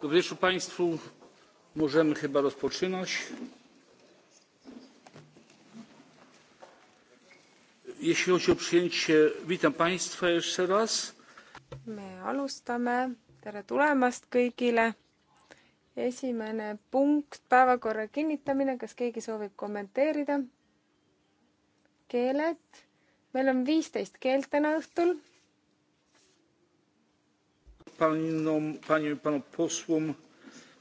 dobry wieczór państwu możemy chyba rozpoczynać. jeśli chodzi o przyjęcie witam państwa jeszcze raz. me alustame tere tulemast kõigile esimene punkt päevakorra kinnitamine kas keegi soovib kommenteerida keeled meil on viisteist keelt täna õhtul paniom i panom posłom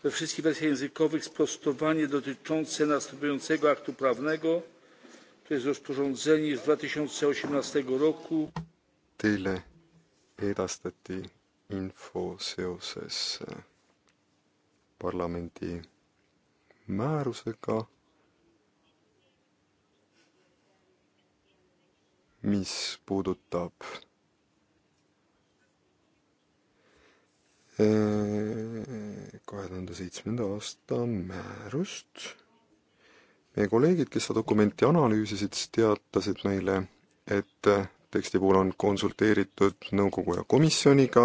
we wszystkich wersjach językowych sprostowanie dotyczące następującego aktu prawnego to jest rozporządzenie z dwa tysiące osiemnaście roku Teile edastati info seoses e, parlamendi määrusega, mis puudutab kahe tuhande seitsmenda aasta määrust. meie kolleegid, kes seda dokumenti analüüsisid, teatasid meile, et teksti puhul on konsulteeritud nõukogu ja komisjoniga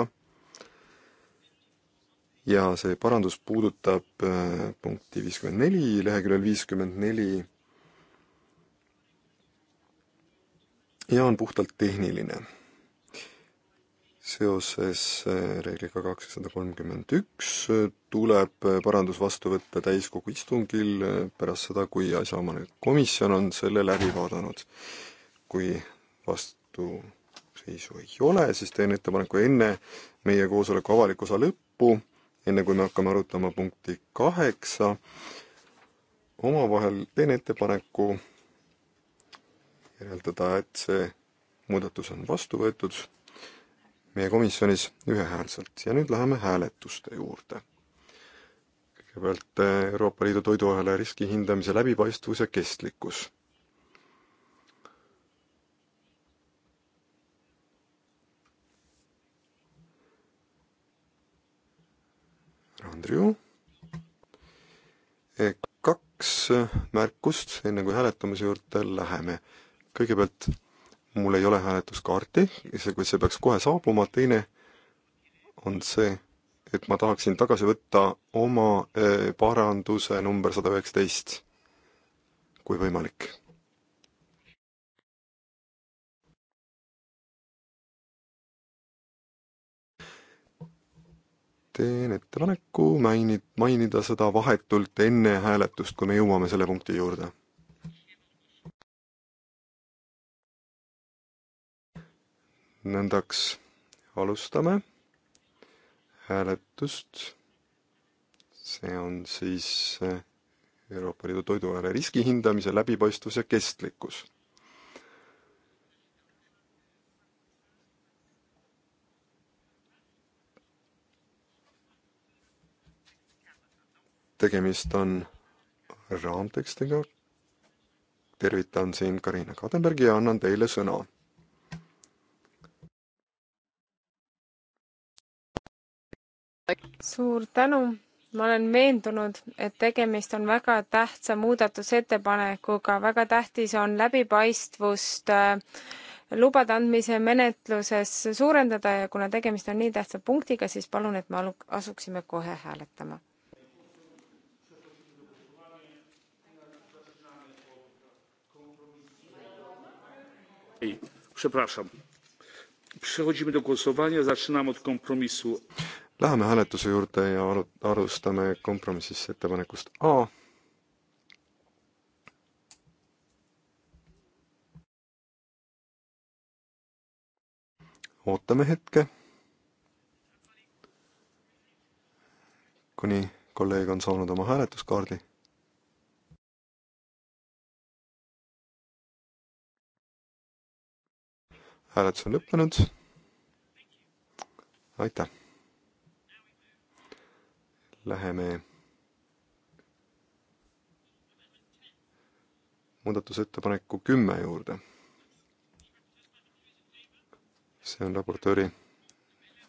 ja see parandus puudutab äh, punkti viiskümmend neli, leheküljel viiskümmend neli ja on puhtalt tehniline seoses eh, reegliga kakssada kolmkümmend üks eh, tuleb eh, parandus vastu võtta täiskogu istungil pärast seda, kui asjaomane komisjon on selle läbi vaadanud. kui vastuseisu ei ole, siis teen ettepaneku enne meie koosoleku avaliku osa lõppu, enne kui me hakkame arutama punkti kaheksa, omavahel teen ettepaneku järeldada, et see muudatus on vastu võetud meie komisjonis ühehäälselt ja nüüd läheme hääletuste juurde. kõigepealt äh, Euroopa Liidu toiduahela riski hindamise läbipaistvus ja kestlikkus. Andriu. Äh, kaks märkust, enne kui hääletamise juurde läheme. kõigepealt mul ei ole hääletuskaarti, isegi see peaks kohe saabuma, teine on see, et ma tahaksin tagasi võtta oma eh, paranduse number sada üheksateist, kui võimalik teen ettepaneku mainid, mainida seda vahetult enne hääletust, kui me jõuame selle punkti juurde nõndaks alustame hääletust. see on siis eh, Euroopa Liidu toiduaine riski hindamise läbipaistvus ja kestlikkus. tegemist on raamtekstiga. tervitan siin Karina Kadenbergi ja annan teile sõna suur tänu, ma olen veendunud, et tegemist on väga tähtsa muudatusettepanekuga, väga tähtis on läbipaistvust äh, lubade andmise menetluses suurendada ja kuna tegemist on nii tähtsa punktiga, siis palun, et me asuksime kohe hääletama. przepraszam przechodzimy do głosowania zaczynamy od kompromisu Läheme hääletuse juurde ja aru-, alustame kompromissist ettepanekust A. ootame hetke, kuni kolleeg on saanud oma hääletuskaardi hääletus on lõppenud. aitäh! läheme muudatusettepaneku kümme juurde. see on raportööri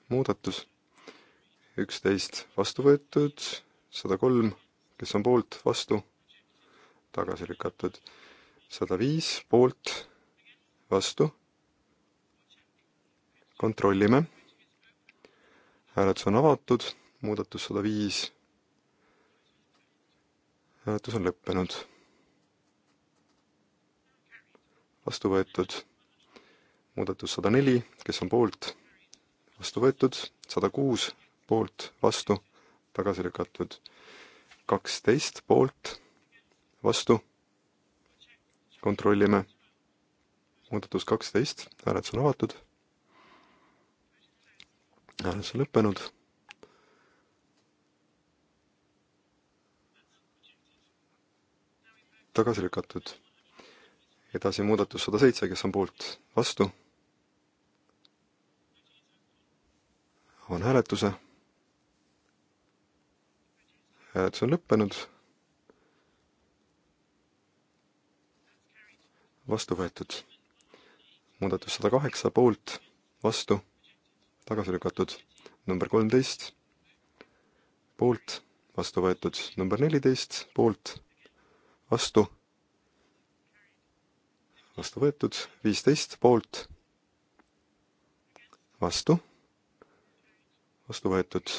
muudatus, üksteist vastu võetud, sada kolm, kes on poolt, vastu, tagasi lükatud, sada viis poolt, vastu, kontrollime, hääletus on avatud muudatus sada viis. hääletus on lõppenud. vastu võetud muudatus sada neli, kes on poolt, vastu võetud, sada kuus poolt, vastu, tagasi lükatud, kaksteist poolt, vastu, kontrollime, muudatus kaksteist, hääletus on avatud, hääletus on lõppenud tagasi lükatud. edasi muudatus sada seitse, kes on poolt, vastu. avan hääletuse. hääletus on lõppenud. vastu võetud. muudatus sada kaheksa, poolt, vastu, tagasi lükatud. number kolmteist, poolt, vastu võetud. number neliteist, poolt vastu, vastu võetud, viisteist poolt, vastu, vastu võetud.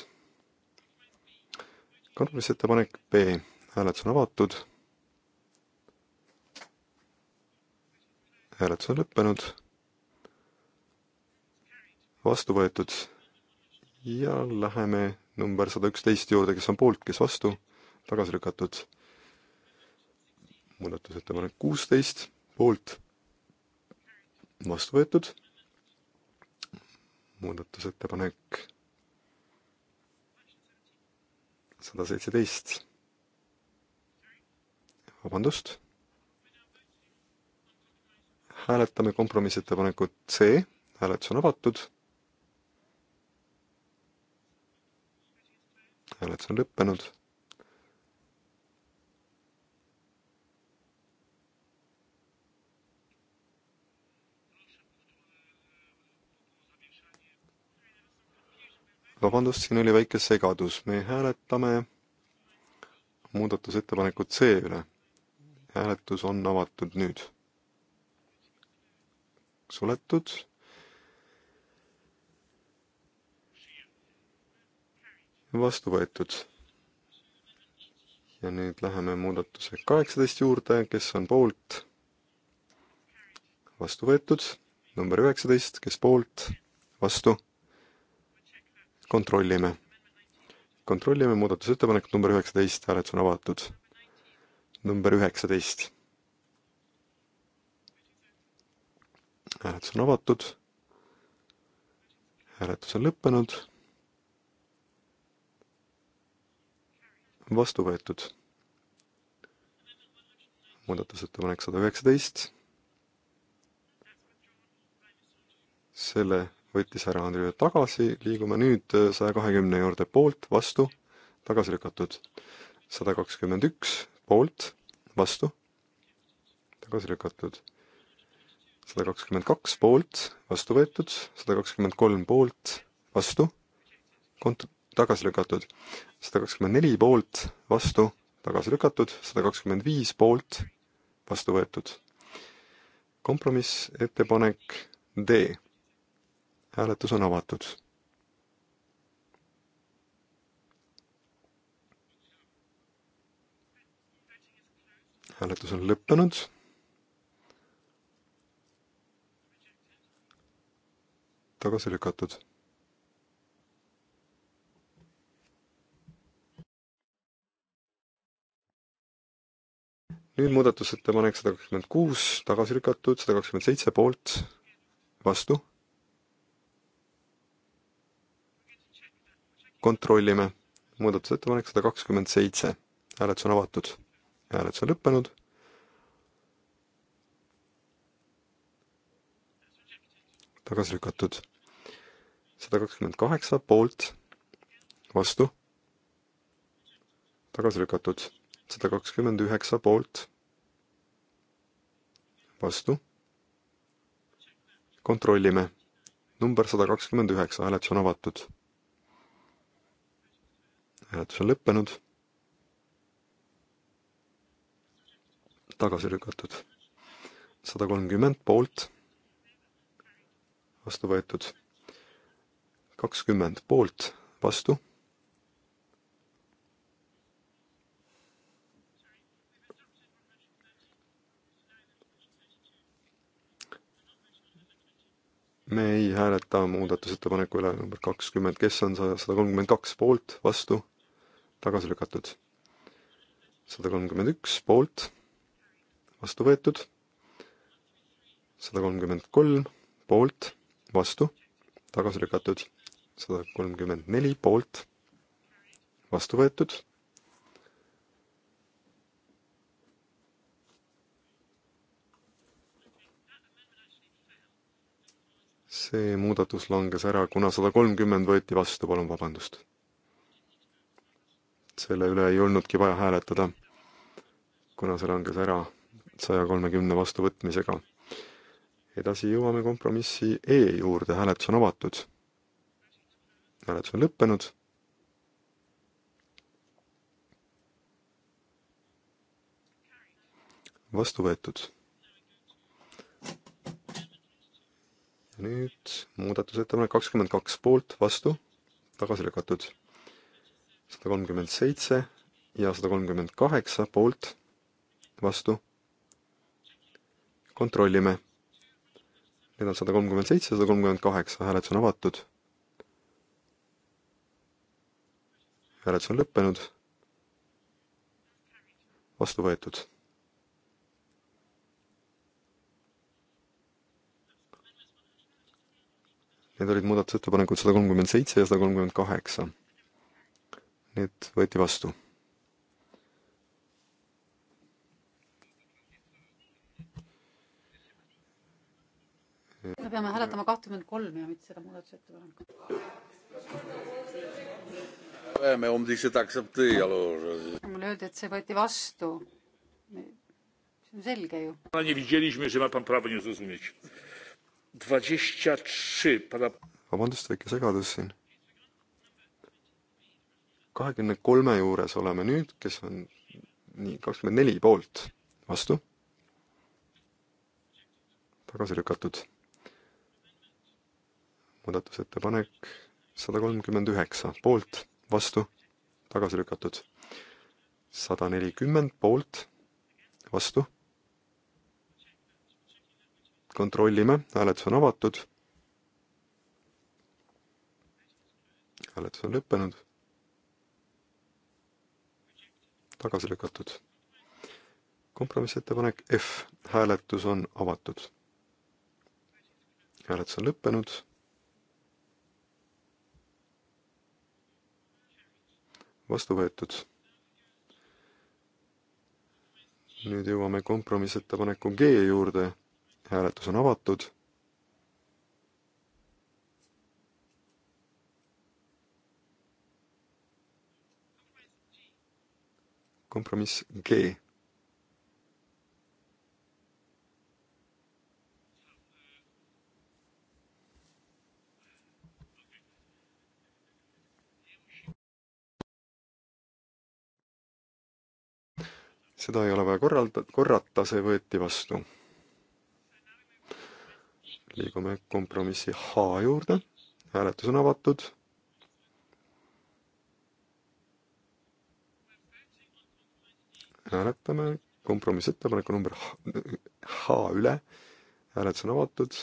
kompromissettepanek B, hääletus on avatud. hääletus on lõppenud, vastu võetud ja läheme number sada üksteist juurde, kes on poolt, kes vastu, tagasi lükatud muudatusettepanek kuusteist poolt, vastu võetud. muudatusettepanek sada seitseteist. vabandust. hääletame kompromissettepanekut C, hääletus on avatud. hääletus on lõppenud vabandust, siin oli väike segadus, me hääletame muudatusettepanekut C üle. hääletus on avatud nüüd. suletud. vastu võetud. ja nüüd läheme muudatuse kaheksateist juurde, kes on poolt? vastu võetud. number üheksateist, kes poolt? vastu kontrollime. kontrollime muudatusettepanekut number üheksateist, hääletus on avatud. number üheksateist. hääletus on avatud. hääletus on lõppenud. vastu võetud. muudatusettepanek sada üheksateist selle võttis härra Andreev tagasi, liigume nüüd äh, saja kahekümne juurde, poolt, vastu, tagasi lükatud. sada kakskümmend üks, poolt, vastu, tagasi lükatud sada kakskümmend kaks poolt, vastu võetud, sada kakskümmend kolm poolt, vastu, kont-, tagasi lükatud, sada kakskümmend neli poolt, vastu, tagasi lükatud, sada kakskümmend viis poolt, vastu võetud. kompromissettepanek D hääletus on avatud. hääletus on lõppenud. tagasi lükatud nüüd muudatusettepanek sada kakskümmend kuus, tagasi lükatud, sada kakskümmend seitse poolt, vastu, kontrollime. muudatusettepanek sada kakskümmend seitse, hääletus on avatud, hääletus on lõppenud. tagasi lükatud. sada kakskümmend kaheksa poolt, vastu, tagasi lükatud. sada kakskümmend üheksa poolt, vastu. kontrollime number sada kakskümmend üheksa, hääletus on avatud hääletus on lõppenud. tagasi lükatud. sada kolmkümmend poolt, vastu võetud. kakskümmend poolt, vastu me ei hääleta muudatusettepaneku üle number kakskümmend, kes on sada kolmkümmend kaks poolt, vastu? tagasi lükatud. sada kolmkümmend üks poolt, vastu võetud. sada kolmkümmend kolm poolt, vastu, tagasi lükatud. sada kolmkümmend neli poolt, vastu võetud see muudatus langes ära, kuna sada kolmkümmend võeti vastu, palun vabandust sest selle üle ei olnudki vaja hääletada, kuna see langes ära saja kolmekümne vastuvõtmisega. edasi jõuame kompromissi E juurde, hääletus on avatud. hääletus on lõppenud vastu võetud. nüüd muudatusettepanek kakskümmend kaks poolt, vastu, tagasi lükatud sada kolmkümmend seitse ja sada kolmkümmend kaheksa poolt, vastu. kontrollime. Need on sada kolmkümmend seitse ja sada kolmkümmend kaheksa, hääletus on avatud. hääletus on lõppenud. vastu võetud. Need olid muudatusettepanekud sada kolmkümmend seitse ja sada kolmkümmend kaheksa need võeti vastu. me peame hääletama kahtekümmend kolm ja mitte seda muudatusettepanekut. Um mulle öeldi, et see võeti vastu. see on selge ju. vabandust, väike segadus siin kahekümne kolme juures oleme nüüd, kes on nii, kakskümmend neli poolt, vastu, tagasi lükatud. muudatusettepanek sada kolmkümmend üheksa, poolt, vastu, tagasi lükatud. sada nelikümmend poolt, vastu. kontrollime, hääletus on avatud. hääletus on lõppenud tagasi lükatud. kompromissettepanek F, hääletus on avatud. hääletus on lõppenud. vastu võetud. nüüd jõuame kompromissettepaneku G juurde. hääletus on avatud kompromiss G. seda ei ole vaja korralda, korrata, see võeti vastu. liigume kompromissi H juurde, hääletus on avatud hääletame kompromissettepaneku number H, H üle, hääletus on avatud.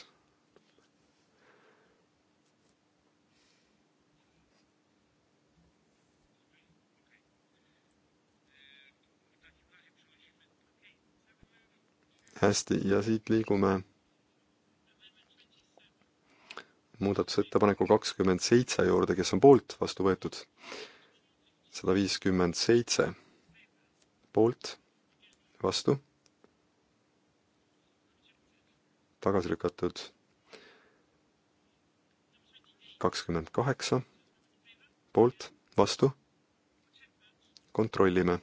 hästi, ja siit liigume muudatusettepaneku kakskümmend seitse juurde, kes on poolt vastu võetud. sada viiskümmend seitse poolt, vastu, tagasi lükatud kakskümmend kaheksa, poolt, vastu, kontrollime.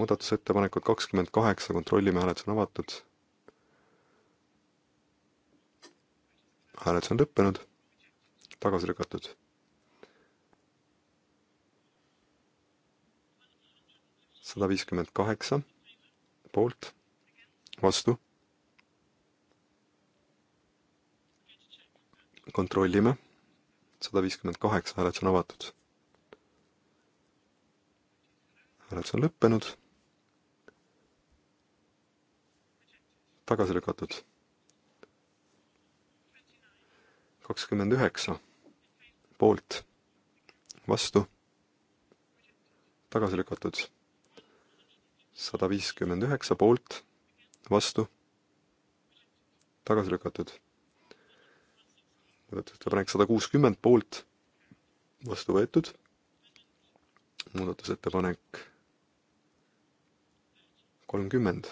muudatusettepanekud kakskümmend kaheksa, kontrollime, hääletus on avatud. hääletus on lõppenud, tagasi lükatud sada viiskümmend kaheksa poolt, vastu. kontrollime, sada viiskümmend kaheksa hääletus on avatud. hääletus on lõppenud. tagasi lükatud. kakskümmend üheksa poolt, vastu, tagasi lükatud sada viiskümmend üheksa poolt, vastu, tagasi lükatud. muudatusettepanek sada kuuskümmend poolt, vastu võetud. muudatusettepanek kolmkümmend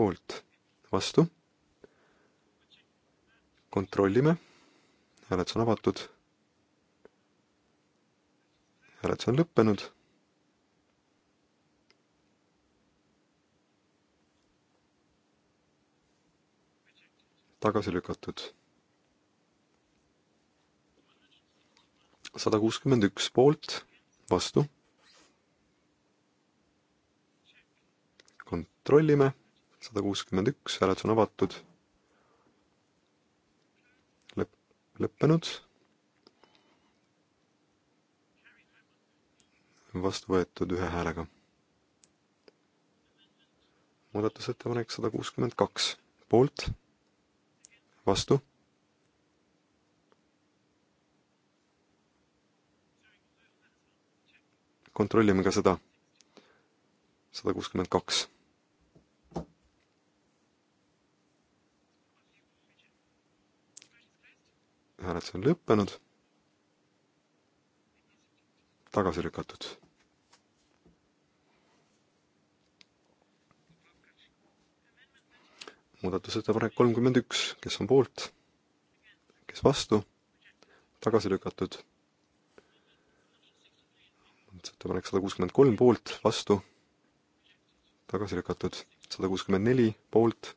poolt, vastu. kontrollime, hääletus on avatud. hääletus on lõppenud tagasi lükatud. sada kuuskümmend üks poolt, vastu. kontrollime, sada kuuskümmend üks, hääletus on avatud. lõpp, lõppenud. vastu võetud ühe häälega muudatusettepanek sada kuuskümmend kaks, poolt vastu kontrollime ka seda. sada kuuskümmend kaks. hääletus on lõppenud. tagasi lükatud muudatusettepanek kolmkümmend üks, kes on poolt, kes vastu, tagasi lükatud. muudatusettepanek sada kuuskümmend kolm poolt, vastu, tagasi lükatud, sada kuuskümmend neli poolt,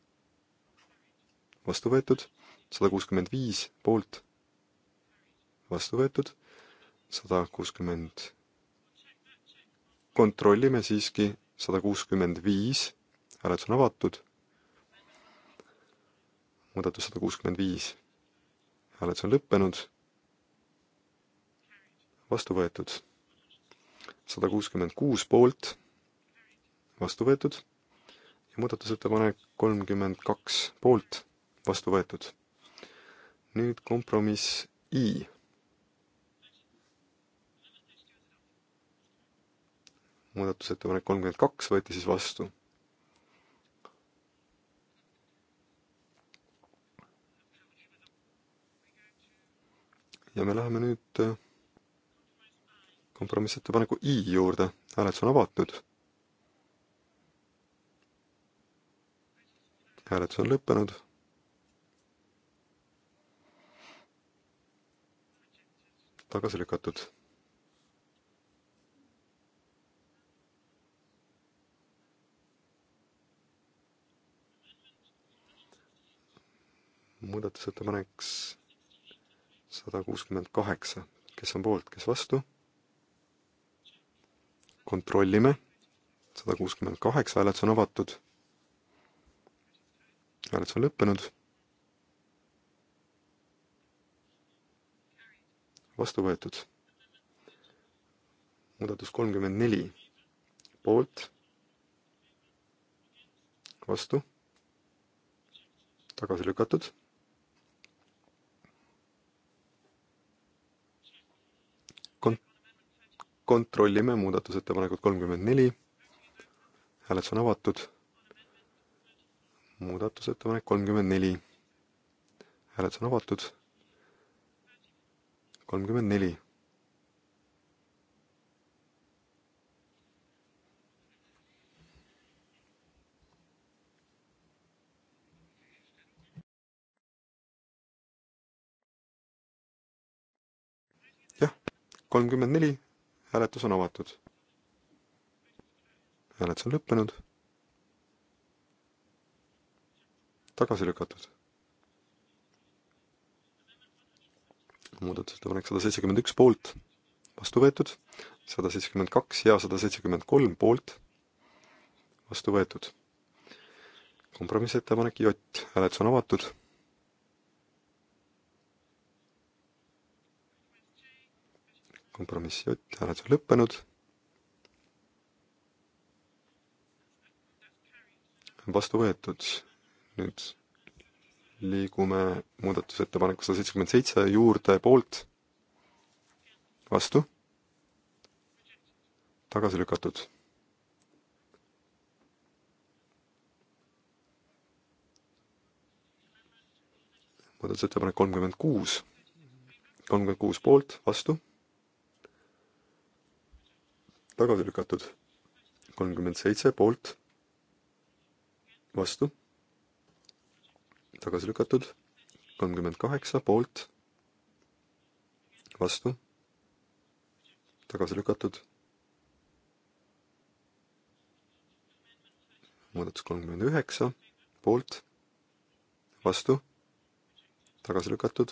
vastu võetud, sada kuuskümmend viis poolt, vastu võetud, sada kuuskümmend kontrollime siiski sada kuuskümmend viis, hääletus on avatud muudatus sada kuuskümmend viis. hääletus on lõppenud. vastu võetud. sada kuuskümmend kuus poolt, vastu võetud. ja muudatusettepanek kolmkümmend kaks poolt, vastu võetud. nüüd kompromiss I muudatusettepanek kolmkümmend kaks võeti siis vastu. ja me läheme nüüd äh, kompromissettepaneku I juurde. hääletus on avatud. hääletus on lõppenud. tagasi lükatud muudatusettepanek sada kuuskümmend kaheksa, kes on poolt, kes vastu? kontrollime, sada kuuskümmend kaheksa, hääletus on avatud. hääletus on lõppenud. vastu võetud. muudatus kolmkümmend neli, poolt, vastu, tagasi lükatud kontrollime muudatusettepanekut kolmkümmend neli. hääletus on avatud. muudatusettepanek kolmkümmend neli. hääletus on avatud. kolmkümmend neli. kolmkümmend neli hääletus on avatud. hääletus on lõppenud. tagasi lükatud. muudatusettepanek sada seitsekümmend üks poolt, vastu võetud, sada seitsekümmend kaks ja sada seitsekümmend kolm poolt, vastu võetud. kompromissettepanek J, hääletus on avatud kompromiss J, hääletus on lõppenud. vastu võetud. nüüd liigume muudatusettepaneku sada seitsekümmend seitse juurde poolt, vastu, tagasi lükatud muudatusettepanek kolmkümmend kuus, kolmkümmend kuus poolt, vastu, tagasi lükatud. kolmkümmend seitse poolt, vastu, tagasi lükatud. kolmkümmend kaheksa poolt, vastu, tagasi lükatud. muudatus kolmkümmend üheksa poolt, vastu, tagasi lükatud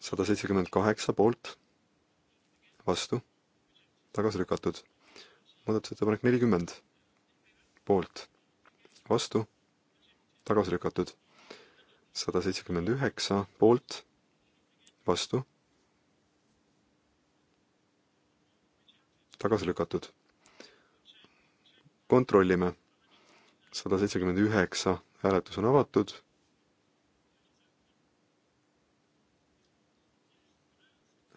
sada seitsekümmend kaheksa poolt, vastu, tagasi lükatud. muudatusettepanek nelikümmend, poolt, vastu, tagasi lükatud. sada seitsekümmend üheksa, poolt, vastu, tagasi lükatud. kontrollime. sada seitsekümmend üheksa, hääletus on avatud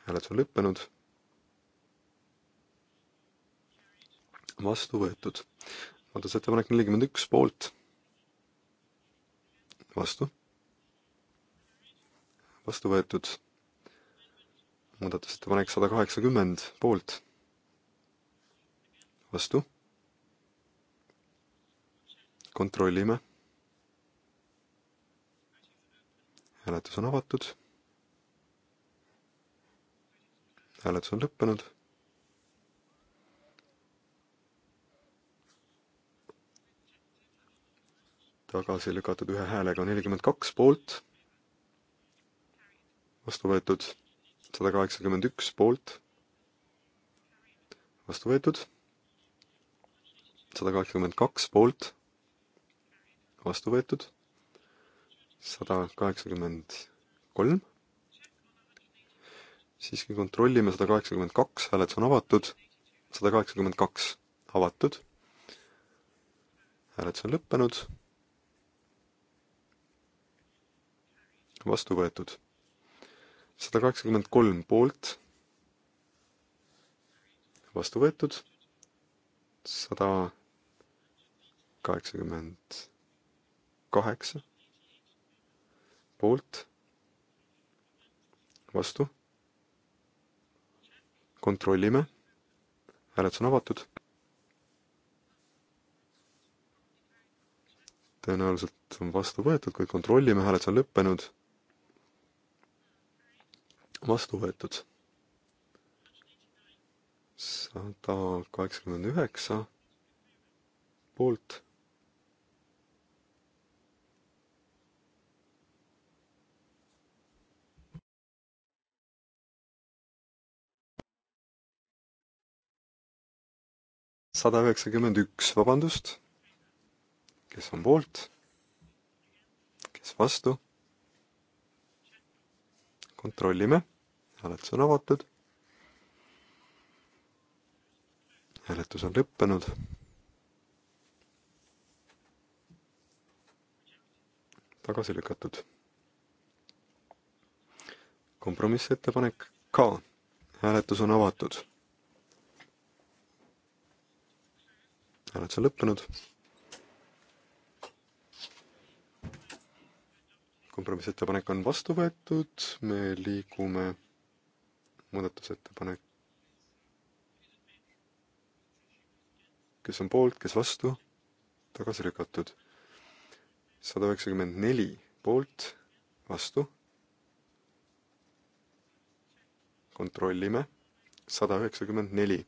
hääletus on lõppenud vastu võetud. muudatusettepanek nelikümmend üks poolt, vastu, vastu võetud. muudatusettepanek sada kaheksakümmend poolt, vastu, kontrollime. hääletus on avatud hääletus on lõppenud tagasi lükatud ühe häälega, nelikümmend kaks poolt, vastu võetud sada kaheksakümmend üks poolt, vastu võetud sada kaheksakümmend kaks poolt, vastu võetud sada kaheksakümmend kolm, siiski kontrollime, sada kaheksakümmend kaks, hääletus on avatud, sada kaheksakümmend kaks avatud, hääletus on lõppenud vastu võetud. sada kaheksakümmend kolm poolt, vastu võetud, sada kaheksakümmend kaheksa poolt, vastu, kontrollime, hääletus on avatud tõenäoliselt on vastu võetud, kui kontrollime, hääletus on lõppenud vastu võetud. sada kaheksakümmend üheksa poolt. sada üheksakümmend üks, vabandust. kes on poolt? kes vastu? kontrollime hääletus on avatud. hääletus on lõppenud. tagasi lükatud. kompromissettepanek ka, hääletus on avatud. hääletus on lõppenud. kompromissettepanek on vastu võetud, me liigume muudatusettepanek. kes on poolt, kes vastu, tagasi lükatud. sada üheksakümmend neli poolt, vastu. kontrollime, sada üheksakümmend neli.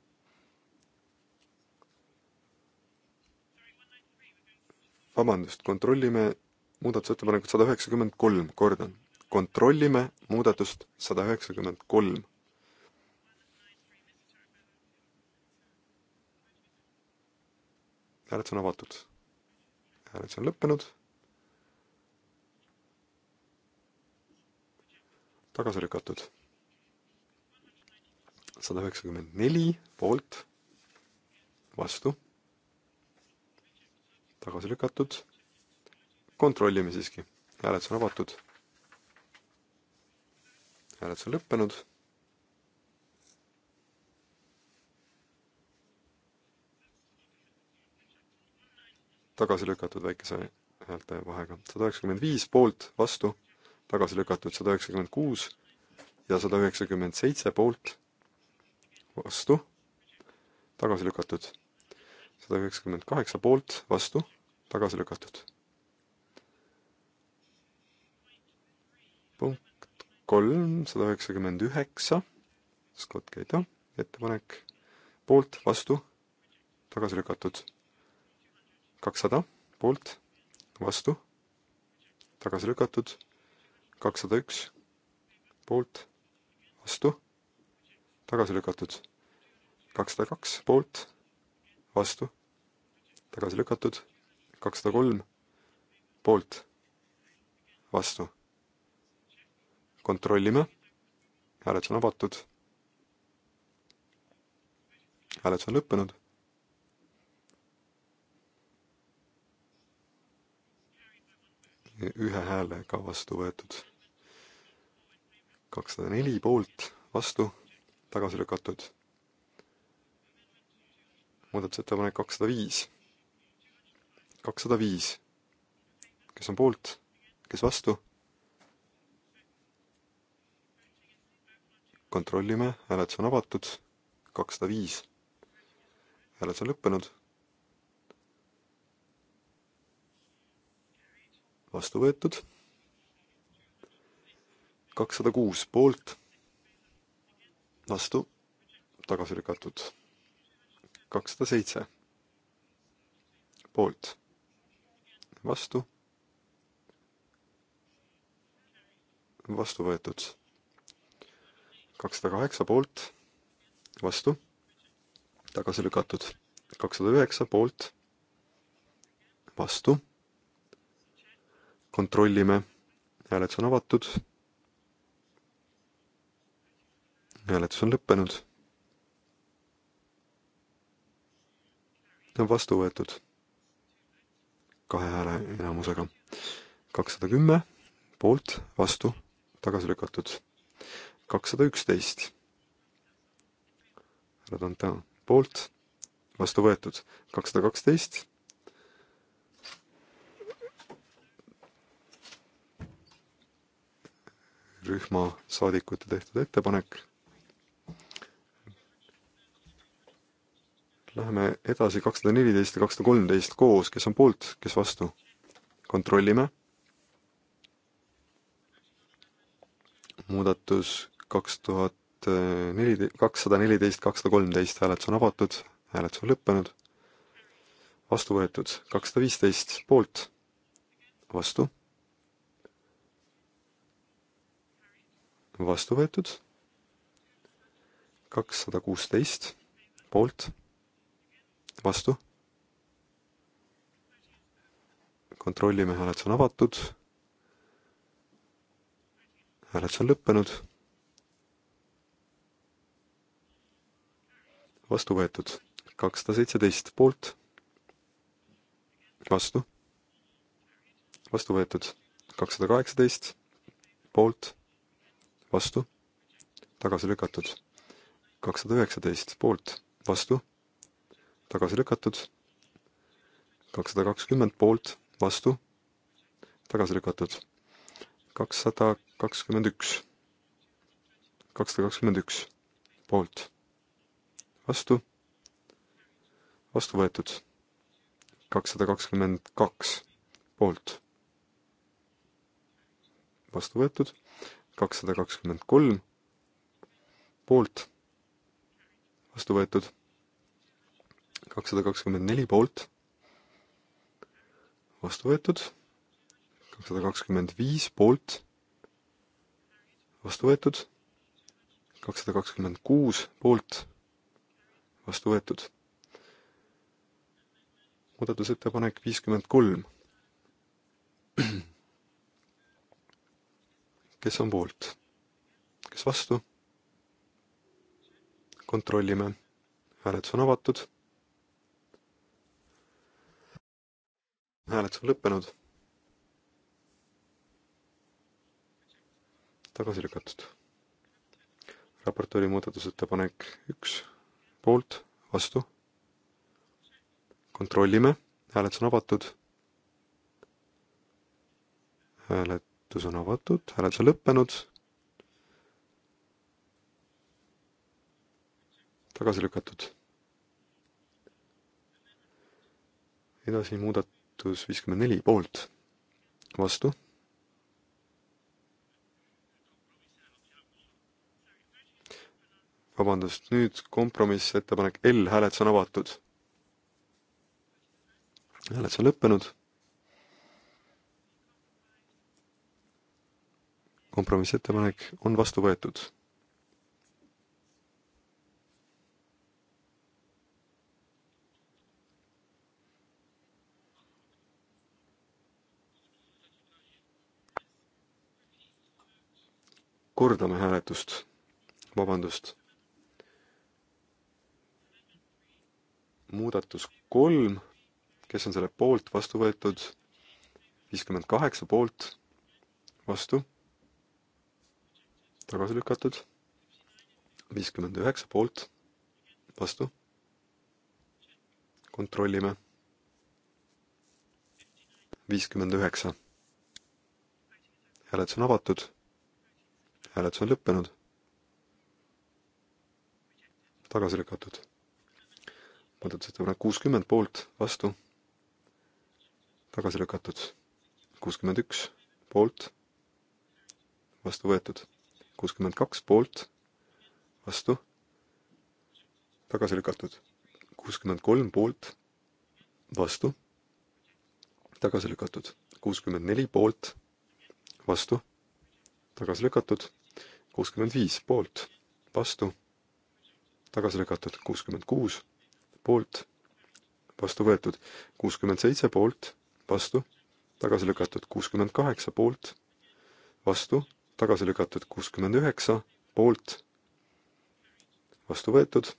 vabandust, kontrollime muudatusettepanekut sada üheksakümmend kolm, kordan, kontrollime muudatust sada üheksakümmend kolm. hääletus on avatud. hääletus on lõppenud. tagasi lükatud. sada üheksakümmend neli poolt, vastu, tagasi lükatud. kontrollime siiski, hääletus on avatud. hääletus on lõppenud tagasi lükatud väikese häälte vahega. sada üheksakümmend viis poolt, vastu, tagasi lükatud sada üheksakümmend kuus ja sada üheksakümmend seitse poolt, vastu, tagasi lükatud. sada üheksakümmend kaheksa poolt, vastu, tagasi lükatud. punkt kolm, sada üheksakümmend üheksa, Scott Keita ettepanek, poolt, vastu, tagasi lükatud kakssada poolt, vastu, tagasi lükatud, kakssada üks poolt, vastu, tagasi lükatud, kakssada kaks poolt, vastu, tagasi lükatud, kakssada kolm poolt, vastu. kontrollime, hääletus on avatud hääletus on lõppenud ühe häälega vastu võetud. kakssada neli poolt, vastu, tagasi lükatud. muudatusettepanek kakssada viis. kakssada viis. kes on poolt, kes vastu? kontrollime, hääletus on avatud, kakssada viis. hääletus on lõppenud vastu võetud. kakssada kuus poolt, vastu, tagasi lükatud. kakssada seitse poolt, vastu, vastu võetud. kakssada kaheksa poolt, vastu, tagasi lükatud. kakssada üheksa poolt, vastu kontrollime, hääletus on avatud. hääletus on lõppenud. vastu võetud kahe hääle enamusega. kakssada kümme poolt, vastu, tagasi lükatud. kakssada üksteist. härra Dantin poolt, vastu võetud. kakssada kaksteist rühma saadikute tehtud ettepanek. Läheme edasi kakssada neliteist ja kakssada kolmteist koos, kes on poolt, kes vastu. kontrollime. muudatus kaks tuhat neli, kakssada neliteist, kakssada kolmteist hääletus on avatud, hääletus on lõppenud. vastu võetud kakssada viisteist poolt, vastu vastu võetud. kakssada kuusteist poolt, vastu. kontrollime, hääletus on avatud. hääletus on lõppenud. vastu võetud kakssada seitseteist poolt, vastu, vastu võetud kakssada kaheksateist poolt vastu, tagasi lükatud. kakssada üheksateist poolt, vastu, tagasi lükatud. kakssada kakskümmend poolt, vastu, tagasi lükatud. kakssada kakskümmend üks, kakssada kakskümmend üks poolt, vastu, vastu võetud. kakssada kakskümmend kaks poolt vastu võetud, kakssada kakskümmend kolm poolt, vastu võetud. kakssada kakskümmend neli poolt, vastu võetud. kakssada kakskümmend viis poolt, vastu võetud. kakssada kakskümmend kuus poolt, vastu võetud. muudatusettepanek viiskümmend kolm kes on poolt, kes vastu. kontrollime, hääletus on avatud. hääletus on lõppenud. tagasi lükatud. raportööri muudatusettepanek üks, poolt, vastu. kontrollime, hääletus on avatud hääled hääletus on avatud, hääletus on lõppenud. tagasi lükatud. edasi muudatus viiskümmend neli poolt, vastu. vabandust, nüüd kompromissettepanek L, hääletus on avatud. hääletus on lõppenud kompromissettepanek on vastu võetud. kordame hääletust, vabandust. muudatus kolm, kes on selle poolt vastu võetud, viiskümmend kaheksa poolt, vastu tagasi lükatud. viiskümmend üheksa poolt, vastu. kontrollime. viiskümmend üheksa. hääletus on avatud. hääletus on lõppenud. tagasi lükatud. muudatusettepanek kuuskümmend poolt, vastu. tagasi lükatud. kuuskümmend üks poolt vastu võetud kuuskümmend kaks poolt, vastu, tagasi lükatud. kuuskümmend kolm poolt, vastu, tagasi lükatud. kuuskümmend neli poolt, vastu, tagasi lükatud. kuuskümmend viis poolt, vastu, tagasi lükatud. kuuskümmend kuus poolt, vastu võetud. kuuskümmend seitse poolt, vastu, tagasi lükatud. kuuskümmend kaheksa poolt, vastu tagasi lükatud kuuskümmend üheksa, poolt, vastu võetud,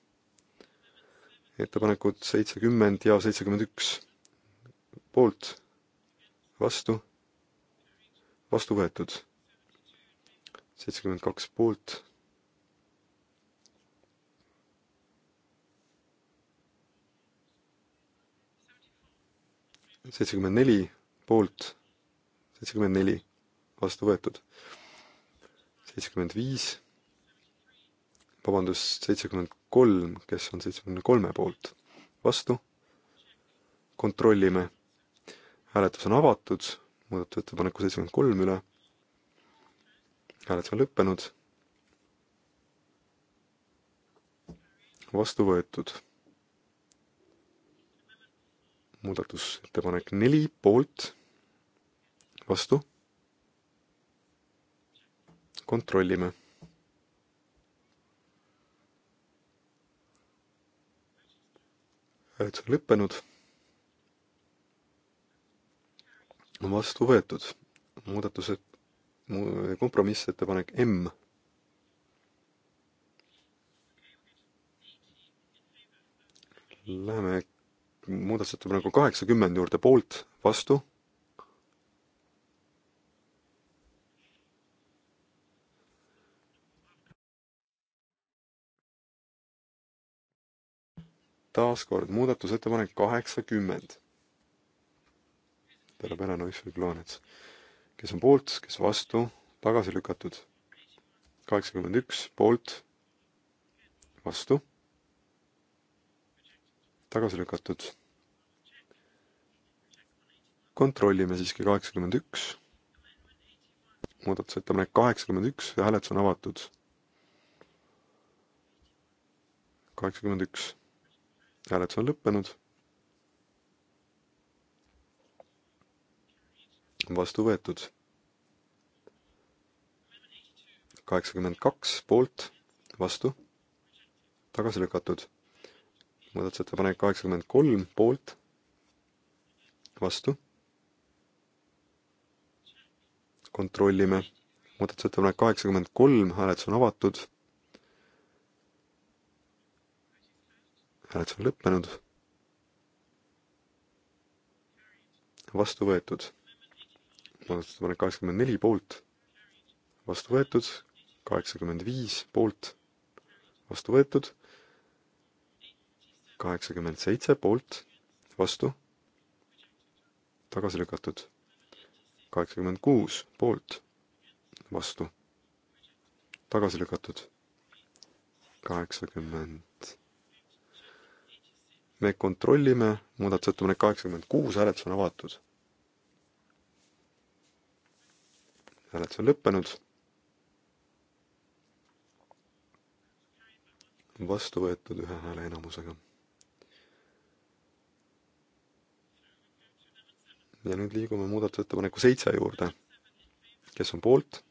ettepanekud seitsekümmend ja seitsekümmend üks, poolt, vastu, vastu võetud, seitsekümmend kaks poolt, seitsekümmend neli poolt, seitsekümmend neli vastu võetud seitsekümmend viis, vabandust, seitsekümmend kolm, kes on seitsmekümne kolme poolt, vastu. kontrollime. hääletus on avatud muudatusettepaneku seitsekümmend kolm üle. hääletus on lõppenud. vastu võetud. muudatusettepanek neli poolt, vastu kontrollime hääletus on lõppenud. vastu võetud muudatused, kompromissettepanek M. Läheme muudatusettepaneku kaheksakümmend juurde, poolt, vastu taaskord muudatusettepanek kaheksakümmend. Tarabella, Neuschel, Kloonets. kes on poolt, kes vastu, tagasi lükatud. kaheksakümmend üks poolt, vastu, tagasi lükatud. kontrollime siiski kaheksakümmend üks muudatusettepanek kaheksakümmend üks ja hääletus on avatud. kaheksakümmend üks hääletus on lõppenud. vastu võetud. kaheksakümmend kaks poolt, vastu, tagasi lükatud. muudatusettepanek kaheksakümmend kolm poolt, vastu. kontrollime muudatusettepanek kaheksakümmend kolm, hääletus on avatud hääletus on lõppenud. vastu võetud. muudatusettepanek kaheksakümmend neli poolt, vastu võetud, kaheksakümmend viis poolt, vastu võetud, kaheksakümmend seitse poolt, vastu, tagasi lükatud, kaheksakümmend kuus poolt, vastu, tagasi lükatud, kaheksakümmend me kontrollime, muudatusettepanek kaheksakümmend kuus, hääletus on avatud. hääletus on lõppenud. vastu võetud ühe hääle enamusega. ja nüüd liigume muudatusettepaneku seitse juurde. kes on poolt?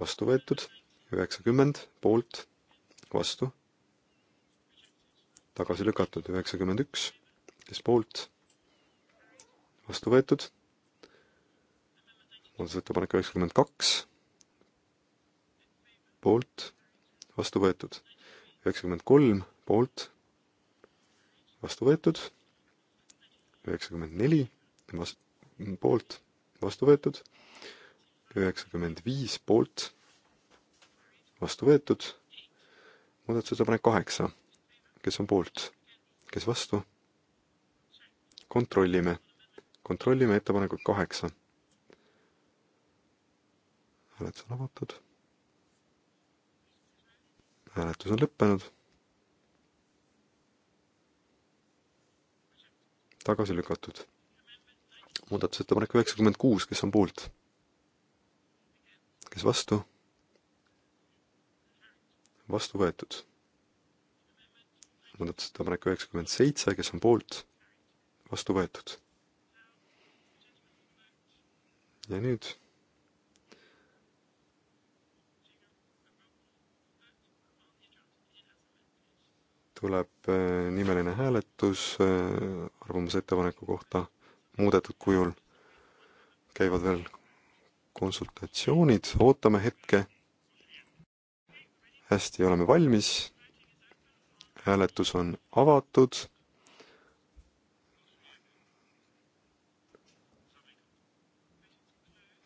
vastu võetud, üheksakümmend poolt, vastu tagasi lükatud üheksakümmend üks, kes poolt, vastu võetud. muudatusettepanek üheksakümmend kaks, poolt, vastu võetud. üheksakümmend kolm, poolt, vastu võetud. üheksakümmend neli, vast-, poolt, vastu võetud. üheksakümmend viis, poolt, vastu võetud. muudatusettepanek kaheksa kes on poolt, kes vastu? kontrollime, kontrollime ettepanekut kaheksa. hääletus on avatud. hääletus on lõppenud. tagasi lükatud. muudatusettepanek üheksakümmend kuus, kes on poolt? kes vastu? vastu võetud muudatusettepanek üheksakümmend seitse, kes on poolt, vastu võetud. ja nüüd tuleb äh, nimeline hääletus äh, arvamusettepaneku kohta muudetud kujul. käivad veel konsultatsioonid, ootame hetke. hästi, oleme valmis hääletus on avatud.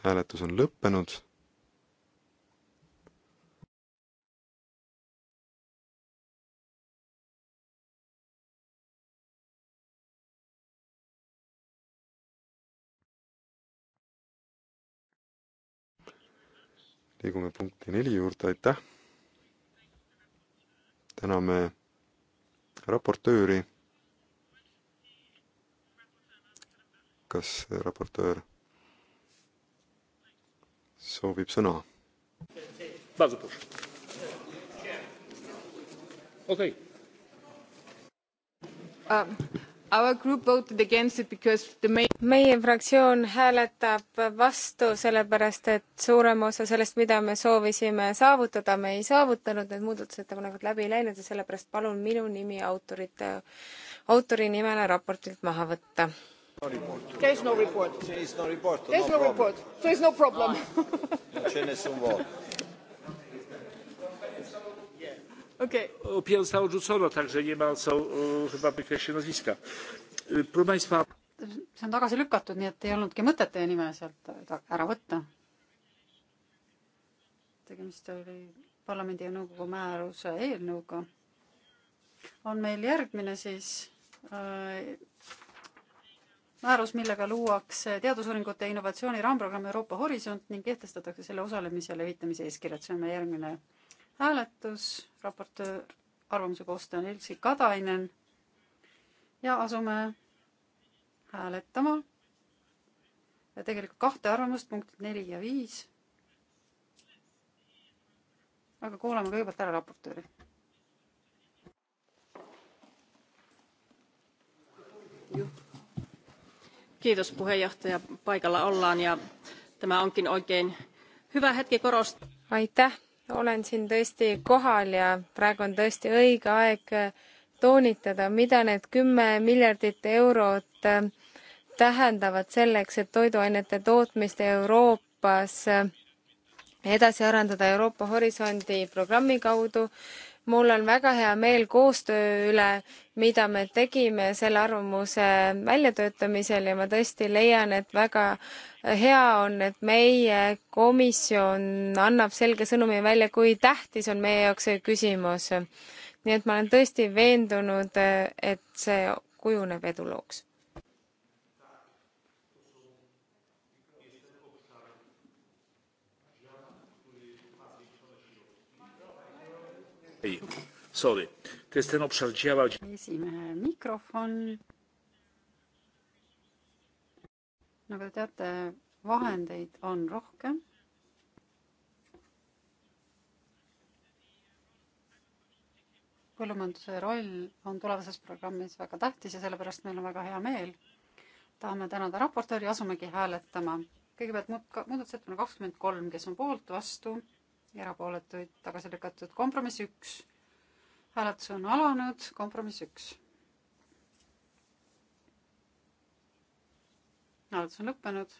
hääletus on lõppenud. liigume punkti neli juurde, aitäh. täname raportööri. kas raportöör soovib sõna? okei. Main... meie fraktsioon hääletab vastu, sellepärast et suurem osa sellest, mida me soovisime saavutada, me ei saavutanud, need muudatusettepanekud läbi ei läinud ja sellepärast palun minu nimi autorite, autori nimena raportilt maha võtta. There is no report. There is no report. There is no report. There is no problem. opinia została odrzucona także nie ma co e, chyba wykreślić nazwiska. E, proszę państwa see on tagasi lükatud nii et ei olnudki mõtet teie nime sealt ära võtta tegemist oli parlamendi ja nõukogu määruse eelnõuga on meil järgmine siis äh, määrus, millega luuakse teadusuuringute ja innovatsiooni raamprogramm Euroopa Horisont ning kehtestatakse selle osalemise levitamise eeskirjad, see on meie järgmine hääletus raportöör, arvamuse koostaja on Elsi Kadainen ja asume hääletama ja tegelikult kahte arvamust, punktid neli ja viis. aga kuulame kõigepealt ära raportööri. Kiitos puheenjohtaja, paikalla ollaan ja tämä onkin oikein hyvä hetki korostaa. Aitäh, olen siin tõesti kohal ja praegu on tõesti õige aeg äh, toonitada, mida need kümme miljardit eurot äh, tähendavad selleks, et toiduainete tootmist Euroopas äh, edasi arendada Euroopa Horisondi programmi kaudu mul on väga hea meel koostöö üle, mida me tegime selle arvamuse väljatöötamisel ja ma tõesti leian, et väga hea on, et meie komisjon annab selge sõnumi välja, kui tähtis on meie jaoks see küsimus. nii et ma olen tõesti veendunud, et see kujuneb edulooks. ei, sorry, to jest ten obszar działań. esimehe mikrofon. nagu te teate, vahendeid on rohkem. põllumajanduse roll on tulevases programmis väga tähtis ja sellepärast meil on väga hea meel. tahame tänada raportööri, asumegi hääletama. kõigepealt muudatusettepanek kakskümmend kolm, kes on poolt, vastu erapooletuid tagasi lükatud. kompromiss üks. hääletus on alanud, kompromiss üks. hääletus on lõppenud.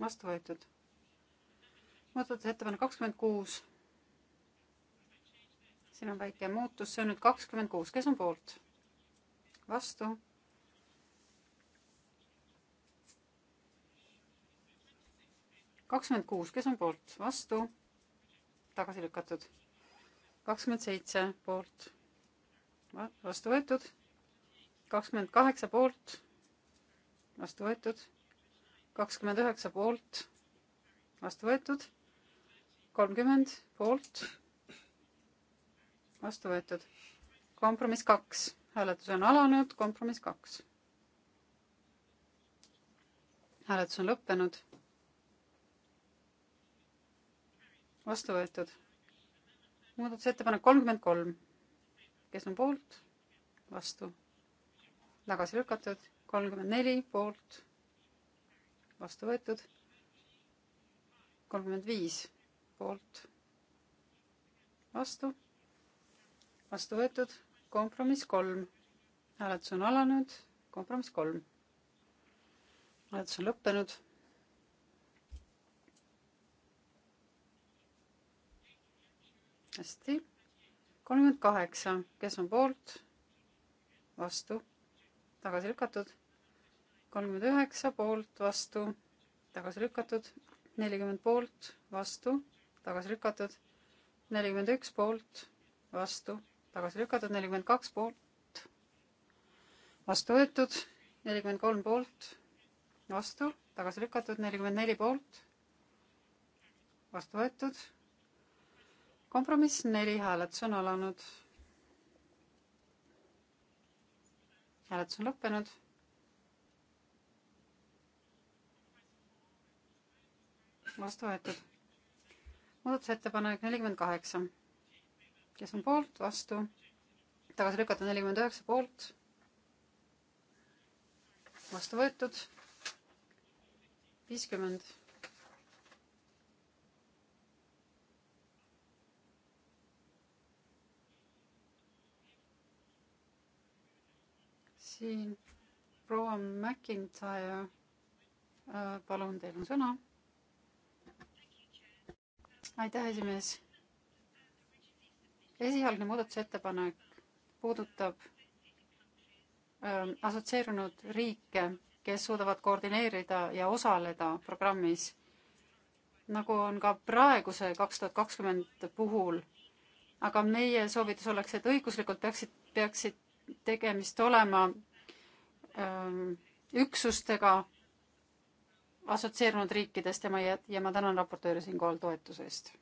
vastu võetud. muudatusettepanek kakskümmend kuus. siin on väike muutus, see on nüüd kakskümmend kuus, kes on poolt? vastu kakskümmend kuus, kes on poolt, vastu, tagasi lükatud. kakskümmend seitse poolt, vastu võetud. kakskümmend kaheksa poolt, vastu võetud. kakskümmend üheksa poolt, vastu võetud. kolmkümmend poolt, vastu võetud. kompromiss kaks, hääletus on alanud, kompromiss kaks. hääletus on lõppenud vastu võetud. muudatusettepanek kolmkümmend kolm, kes on poolt, vastu, tagasi lükatud, kolmkümmend neli poolt, vastu võetud, kolmkümmend viis poolt, vastu, vastu võetud, kompromiss kolm, hääletus on alanud, kompromiss kolm, hääletus on lõppenud hästi. kolmkümmend kaheksa, kes on poolt, vastu, tagasi lükatud. kolmkümmend üheksa poolt, vastu, tagasi lükatud. nelikümmend poolt, vastu, tagasi lükatud. nelikümmend üks poolt, vastu, tagasi lükatud. nelikümmend kaks poolt, vastu võetud. nelikümmend kolm poolt, vastu, tagasi lükatud. nelikümmend neli poolt, vastu võetud kompromiss neli, hääletus on alanud. hääletus on lõppenud. vastu võetud. muudatusettepanek nelikümmend kaheksa. kes on poolt, vastu? tagasi lükata nelikümmend üheksa poolt. vastu võetud. viiskümmend siin proua McIntyre, äh, palun, teil on sõna. aitäh, esimees. esialgne muudatusettepanek puudutab äh, assotsieerunud riike, kes suudavad koordineerida ja osaleda programmis, nagu on ka praeguse kaks tuhat kakskümmend puhul. aga meie soovitus oleks, et õiguslikult peaksid, peaksid tegemist olema Ähm, üksustega assotsieerunud riikidest ja ma, ja ma tänan raportööri siinkohal toetuse eest.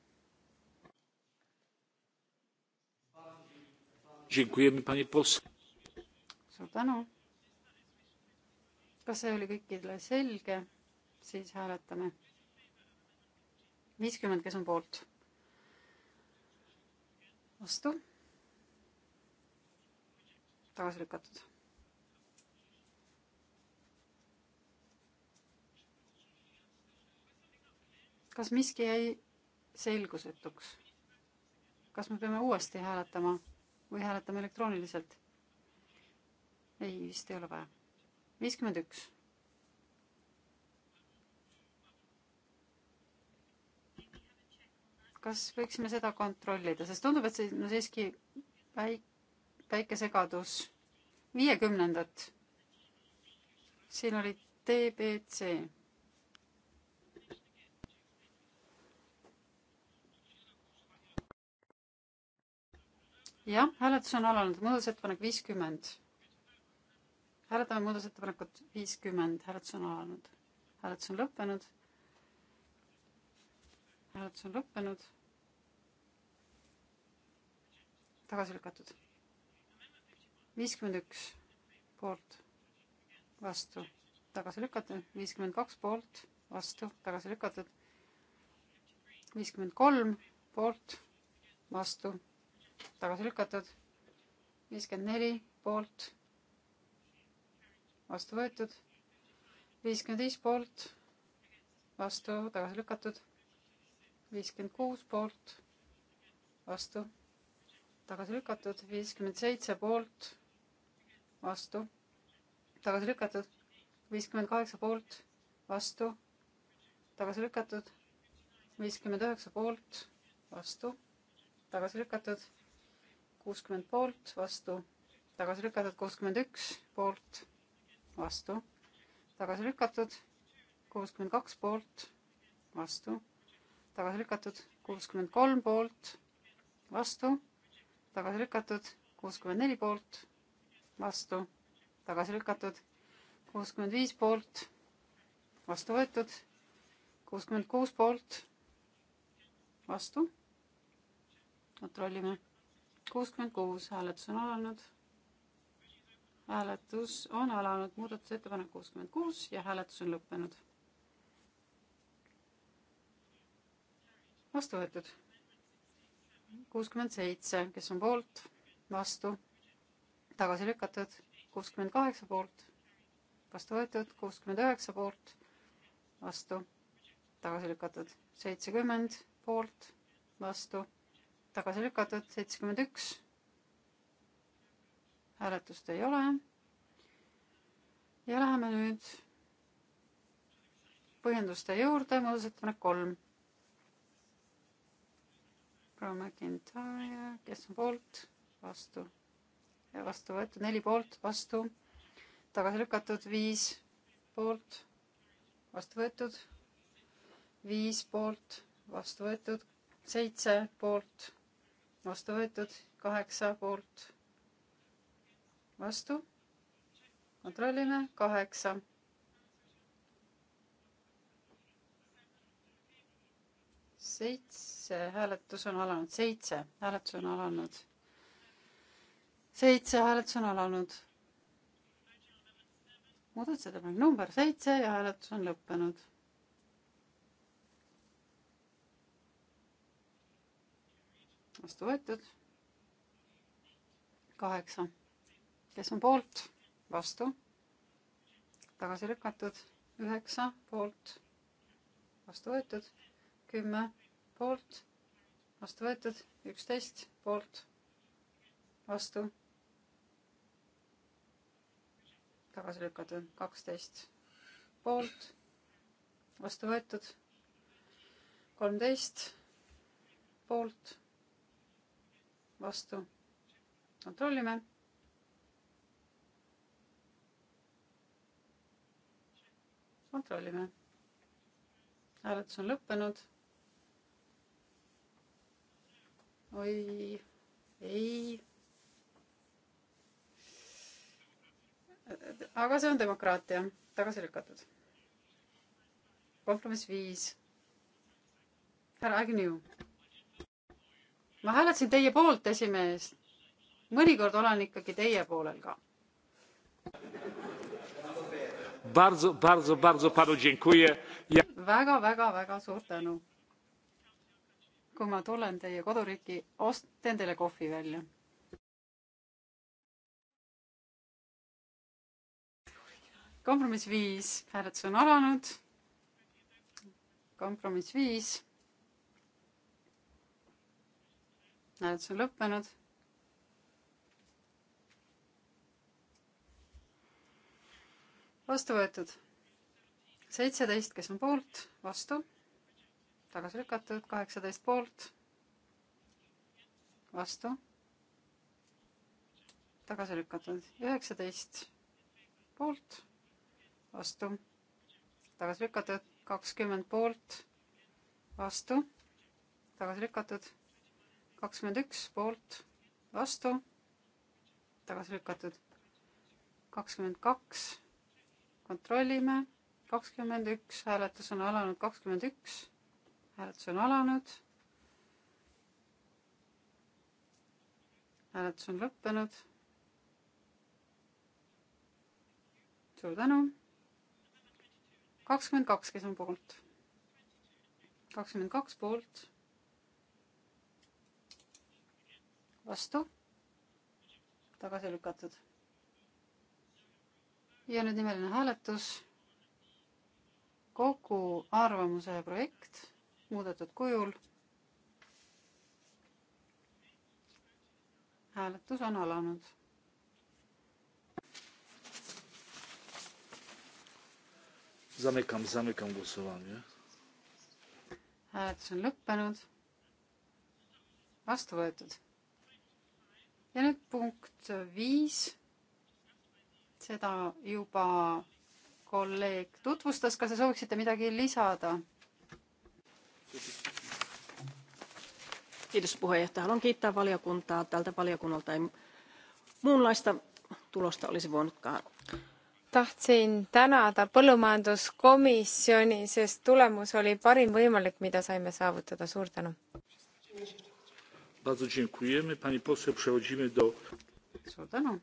suur tänu. kas see oli kõikidele selge? siis hääletame. viiskümmend, kes on poolt? vastu? tagasi lükatud kas miski jäi selgusetuks? kas me peame uuesti hääletama või hääletame elektrooniliselt? ei, vist ei ole vaja. viiskümmend üks. kas võiksime seda kontrollida, sest tundub, et see no siiski väi-, väike segadus viiekümnendat. siin oli DBC jah, hääletus on alanud, muudatusettepanek viiskümmend. hääletame muudatusettepanekut viiskümmend, hääletus on alanud, hääletus on lõppenud. hääletus on lõppenud. tagasi lükatud. viiskümmend üks poolt, vastu, tagasi lükatud, viiskümmend kaks poolt, vastu, tagasi lükatud, viiskümmend kolm poolt, vastu tagasi lükatud, viiskümmend neli poolt, vastu võetud, viiskümmend viis poolt, vastu, tagasi lükatud, viiskümmend kuus poolt, vastu, tagasi lükatud, viiskümmend seitse poolt, vastu, tagasi lükatud, viiskümmend kaheksa poolt, vastu, tagasi lükatud, viiskümmend üheksa poolt, vastu, tagasi lükatud kuuskümmend poolt, vastu, tagasi lükatud, kuuskümmend üks poolt, vastu, tagasi lükatud, kuuskümmend kaks poolt, vastu, tagasi lükatud, kuuskümmend kolm poolt, vastu, tagasi lükatud, kuuskümmend neli poolt, vastu, tagasi lükatud, kuuskümmend viis poolt, vastu võetud, kuuskümmend kuus poolt, vastu, kontrollime kuuskümmend kuus, hääletus on alanud. hääletus on alanud, muudatusettepanek kuuskümmend kuus ja hääletus on lõppenud. vastu võetud. kuuskümmend seitse, kes on poolt, vastu, tagasi lükatud, kuuskümmend kaheksa poolt, vastu võetud, kuuskümmend üheksa poolt, vastu, tagasi lükatud, seitsekümmend poolt, vastu tagasi lükatud, seitsekümmend üks. hääletust ei ole. ja läheme nüüd põhjenduste juurde, muudatusettepanek kolm. proua McIntyre, kes on poolt, vastu ja vastu võetud, neli poolt, vastu, tagasi lükatud, viis poolt, vastu võetud, viis poolt, vastu võetud, seitse poolt, vastu võetud, kaheksa poolt, vastu, kontrollime, kaheksa. seitse, hääletus on alanud, seitse, hääletus on alanud. seitse, hääletus on alanud. muudatusettepanek number seitse ja hääletus on lõppenud vastu võetud. kaheksa, kes on poolt, vastu, tagasi lükatud, üheksa poolt, vastu võetud, kümme poolt, vastu võetud, üksteist poolt, vastu, tagasi lükatud, kaksteist poolt, vastu võetud, kolmteist poolt vastu. kontrollime. kontrollime. hääletus on lõppenud. oi, ei. aga see on demokraatia, tagasi lükatud. kompromiss viis. härra Agnew ma hääletasin teie poolt, esimees. mõnikord olen ikkagi teie poolel ka. väga-väga-väga suur tänu. kui ma tulen teie koduriiki, ost-, teen teile kohvi välja. kompromiss viis, hääletus on alanud. kompromiss viis hääletus on lõppenud. vastu võetud seitseteist, kes on poolt, vastu, tagasi lükatud, kaheksateist poolt, vastu, tagasi lükatud, üheksateist poolt, vastu, tagasi lükatud, kakskümmend poolt, vastu, tagasi lükatud kakskümmend üks poolt, vastu, tagasi lükatud. kakskümmend kaks, kontrollime, kakskümmend üks, hääletus on alanud, kakskümmend üks, hääletus on alanud. hääletus on lõppenud. suur tänu. kakskümmend kaks, kes on poolt? kakskümmend kaks poolt vastu, tagasi lükatud. ja nüüd nimeline hääletus. kogu arvamuse projekt muudetud kujul. hääletus on alanud Zamykam, zamykam głosowanie. Hääletus on lõppenud. Vastu võetud ja nüüd punkt viis. seda juba kolleeg tutvustas, kas te sooviksite midagi lisada? Kiitos puheenjohtaja. Haluan kiittää valiokuntaa. Tältä valiokunnalta ei muunlaista tulosta olisi voinutkaan. Tahtsin tänada põllumajanduskomisjoni, sest tulemus oli parim võimalik, mida saime saavutada. Suur tänu. Bardzo dziękujemy. Pani poseł, przechodzimy do. suur tänu.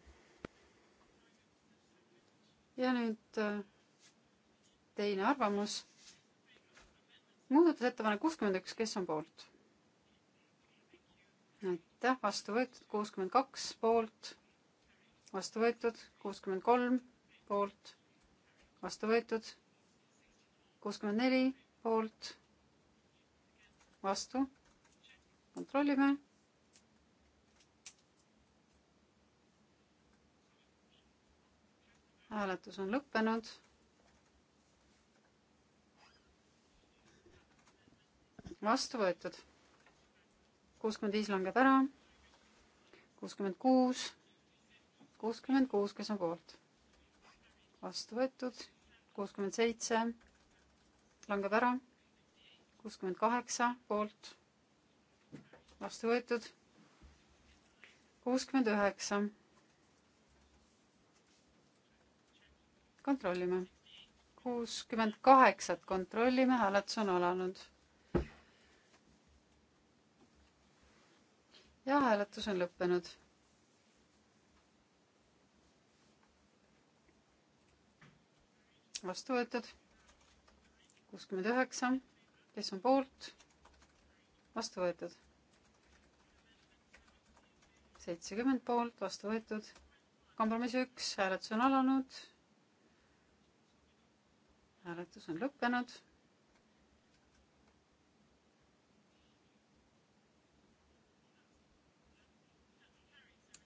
ja nüüd äh, teine arvamus. muudatusettepanek kuuskümmend üks, kes on poolt? aitäh, vastu võetud kuuskümmend kaks poolt, vastu võetud kuuskümmend kolm poolt, vastu võetud kuuskümmend neli poolt, vastu. kontrollime hääletus on lõppenud. vastu võetud. kuuskümmend viis langeb ära. kuuskümmend kuus, kuuskümmend kuus, kes on poolt? vastu võetud. kuuskümmend seitse langeb ära. kuuskümmend kaheksa poolt. vastu võetud. kuuskümmend üheksa kontrollime. kuuskümmend kaheksat kontrollime, hääletus on alanud. ja hääletus on lõppenud. vastu võetud kuuskümmend üheksa, kes on poolt, vastu võetud. seitsekümmend poolt, vastu võetud. kompromiss üks, hääletus on alanud hääletus on lõppenud.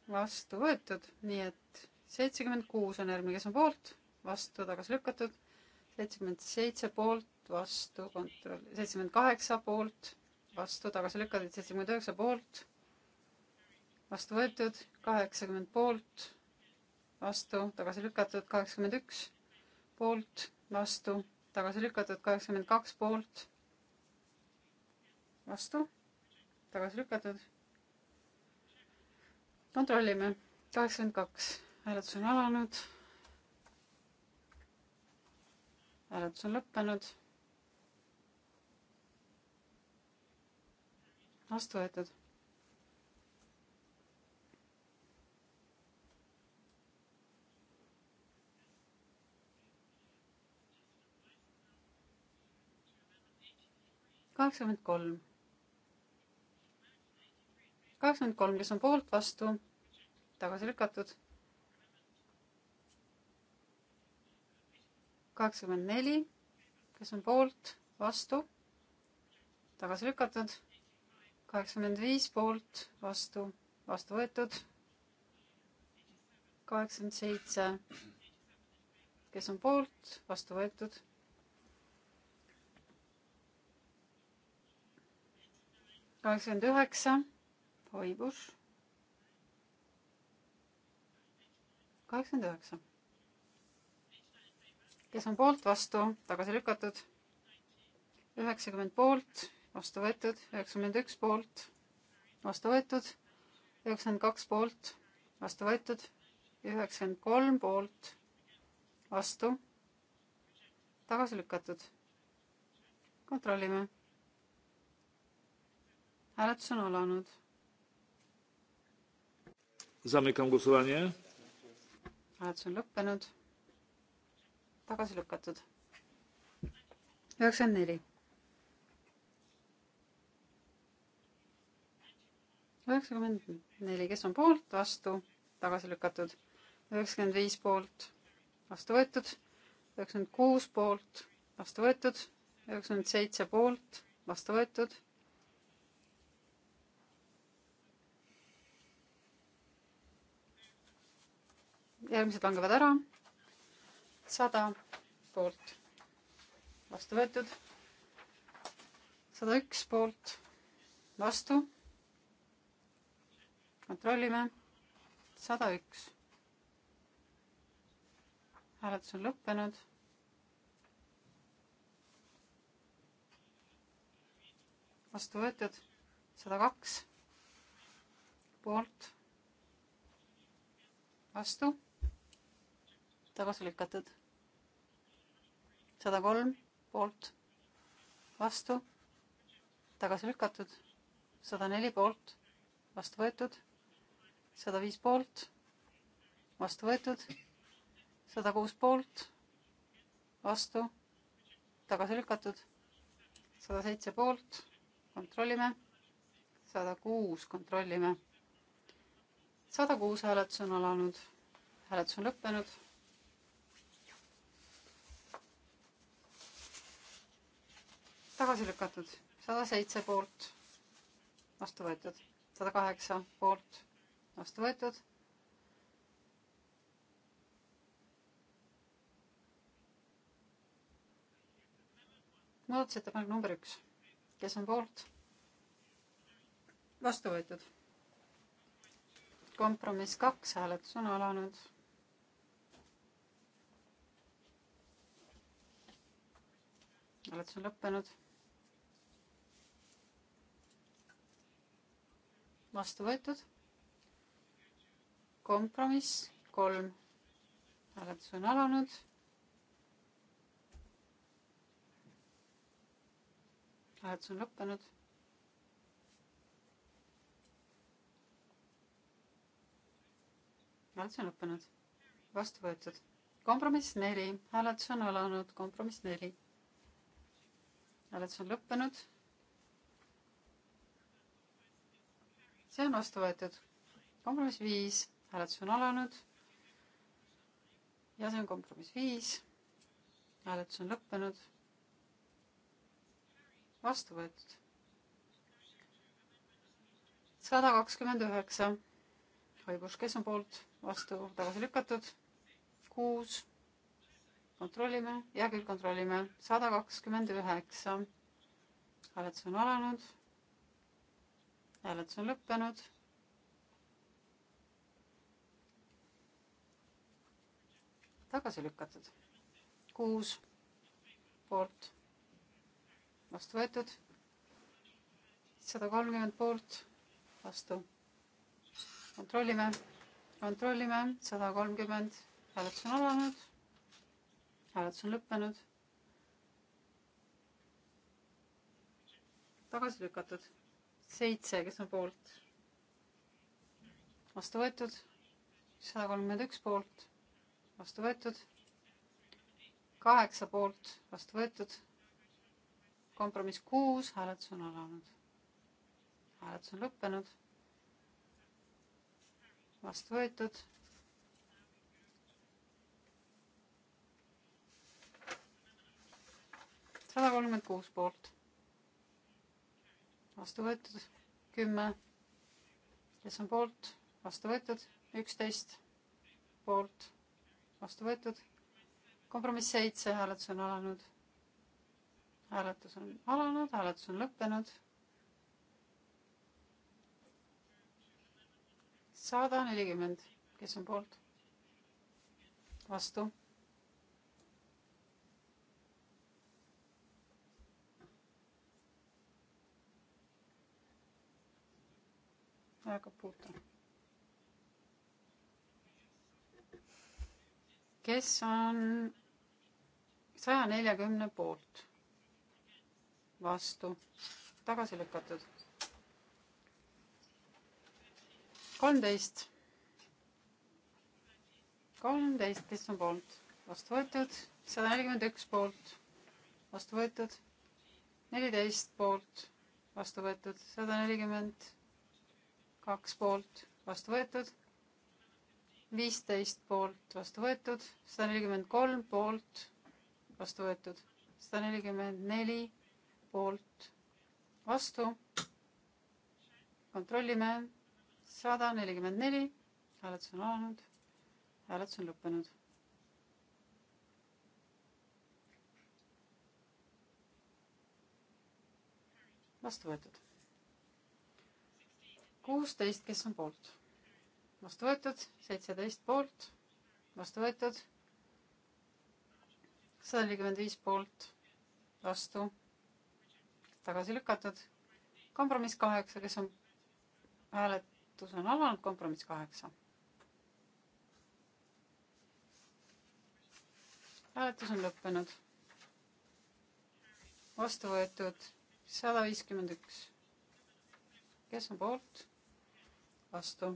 vastu võetud, nii et seitsekümmend kuus on järgmine, kes on poolt, vastu tagasi lükatud, seitsekümmend seitse poolt, vastu kontroll, seitsekümmend kaheksa poolt, vastu tagasi lükatud, seitsekümmend üheksa poolt, vastu võetud, kaheksakümmend poolt, vastu tagasi lükatud, kaheksakümmend üks poolt vastu, tagasi lükatud kaheksakümmend kaks poolt, vastu, tagasi lükatud. kontrollime, kaheksakümmend kaks, hääletus on alanud. hääletus on lõppenud. vastu võetud kaheksakümmend kolm. kakskümmend kolm, kes on poolt, vastu, tagasi lükatud. kaheksakümmend neli, kes on poolt, vastu, tagasi lükatud. kaheksakümmend viis poolt, vastu, vastu võetud. kaheksakümmend seitse, kes on poolt, vastu võetud kaheksakümmend üheksa, hoibus. kaheksakümmend üheksa. kes on poolt, vastu, tagasi lükatud. üheksakümmend poolt, vastu võetud, üheksakümmend üks poolt, vastu võetud, üheksakümmend kaks poolt, vastu võetud, üheksakümmend kolm poolt, vastu, tagasi lükatud. kontrollime hääletus on alanud. hääletus on lõppenud. tagasi lükatud. üheksakümmend neli. üheksakümmend neli, kes on poolt, vastu, tagasi lükatud. üheksakümmend viis poolt, vastu võetud. üheksakümmend kuus poolt, vastu võetud. üheksakümmend seitse poolt, vastu võetud. järgmised langevad ära. sada poolt, vastu võetud. sada üks poolt, vastu. kontrollime, sada üks. hääletus on lõppenud. vastu võetud, sada kaks poolt, vastu tagasi lükatud. sada kolm poolt, vastu, tagasi lükatud. sada neli poolt, vastu võetud. sada viis poolt, vastu võetud. sada kuus poolt, vastu, tagasi lükatud. sada seitse poolt, kontrollime. sada kuus, kontrollime sada kuus hääletus on alanud, hääletus on lõppenud tagasi lükatud, sada seitse poolt, vastu võetud, sada kaheksa poolt, vastu võetud. muudatusettepanek number üks, kes on poolt? vastu võetud. kompromiss kaks, hääletus on alanud oled sa lõppenud? vastu võetud. kompromiss kolm, hääletus on alanud. hääletus on lõppenud. hääletus on lõppenud, vastu võetud. kompromiss neli, hääletus on alanud, kompromiss neli. hääletus on lõppenud see on vastu võetud. kompromiss viis, hääletus on alanud. ja see on kompromiss viis. hääletus on lõppenud. vastu võetud. sada kakskümmend üheksa. Hoibus, kes on poolt, vastu, tagasi lükatud. kuus. kontrollime, hea küll, kontrollime. sada kakskümmend üheksa. hääletus on alanud hääletus on lõppenud. tagasi lükatud. kuus poolt, vastu võetud. sada kolmkümmend poolt, vastu. kontrollime, kontrollime, sada kolmkümmend, hääletus on alanud. hääletus on lõppenud. tagasi lükatud seitse, kes on poolt? vastu võetud. sada kolmkümmend üks poolt, vastu võetud. kaheksa poolt, vastu võetud. kompromiss kuus, hääletus on alanud. hääletus on lõppenud. vastu võetud. sada kolmkümmend kuus poolt vastu võetud, kümme, kes on poolt, vastu võetud, üksteist, poolt, vastu võetud, kompromiss seitse, hääletus on alanud. hääletus on alanud, hääletus on lõppenud. sada nelikümmend, kes on poolt, vastu aega puudu. kes on saja neljakümne poolt? vastu, tagasi lükatud. kolmteist, kolmteist, kes on poolt, vastu võetud, sada nelikümmend üks poolt, vastu võetud, neliteist poolt, vastu võetud, sada nelikümmend kaks poolt vastu võetud, viisteist poolt vastu võetud, sada nelikümmend kolm poolt vastu võetud, sada nelikümmend neli poolt vastu. kontrollime, sada nelikümmend neli, hääletus on alanud, hääletus on lõppenud vastu võetud kuusteist, kes on poolt? vastu võetud, seitseteist poolt, vastu võetud, sada nelikümmend viis poolt, vastu, tagasi lükatud, kompromiss kaheksa, kes on, hääletus on alanud, kompromiss kaheksa. hääletus on lõppenud. vastu võetud sada viiskümmend üks. kes on poolt? vastu,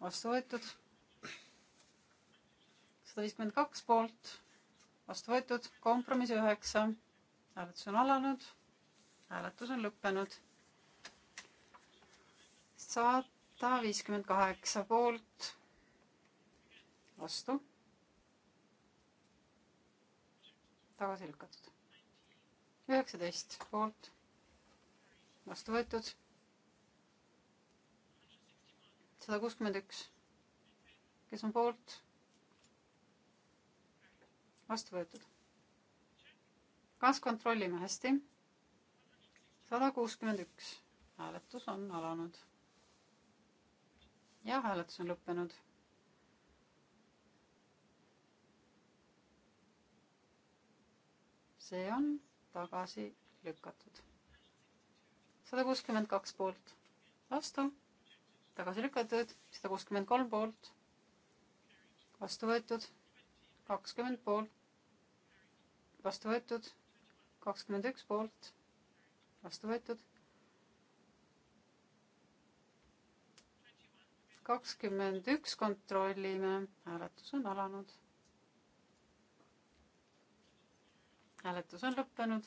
vastu võetud. sada viiskümmend kaks poolt, vastu võetud, kompromiss üheksa, hääletus on alanud, hääletus on lõppenud. sada viiskümmend kaheksa poolt, vastu tagasi lükatud. üheksateist poolt, vastu võetud. sada kuuskümmend üks, kes on poolt? vastu võetud. kas kontrollime hästi? sada kuuskümmend üks, hääletus on alanud. ja hääletus on lõppenud see on tagasi lükatud. sada kuuskümmend kaks poolt, vastu tagasi lükatud, sada kuuskümmend kolm poolt, vastu võetud, kakskümmend poolt, vastu võetud, kakskümmend üks poolt, vastu võetud, kakskümmend üks kontrollime, hääletus on alanud. hääletus on lõppenud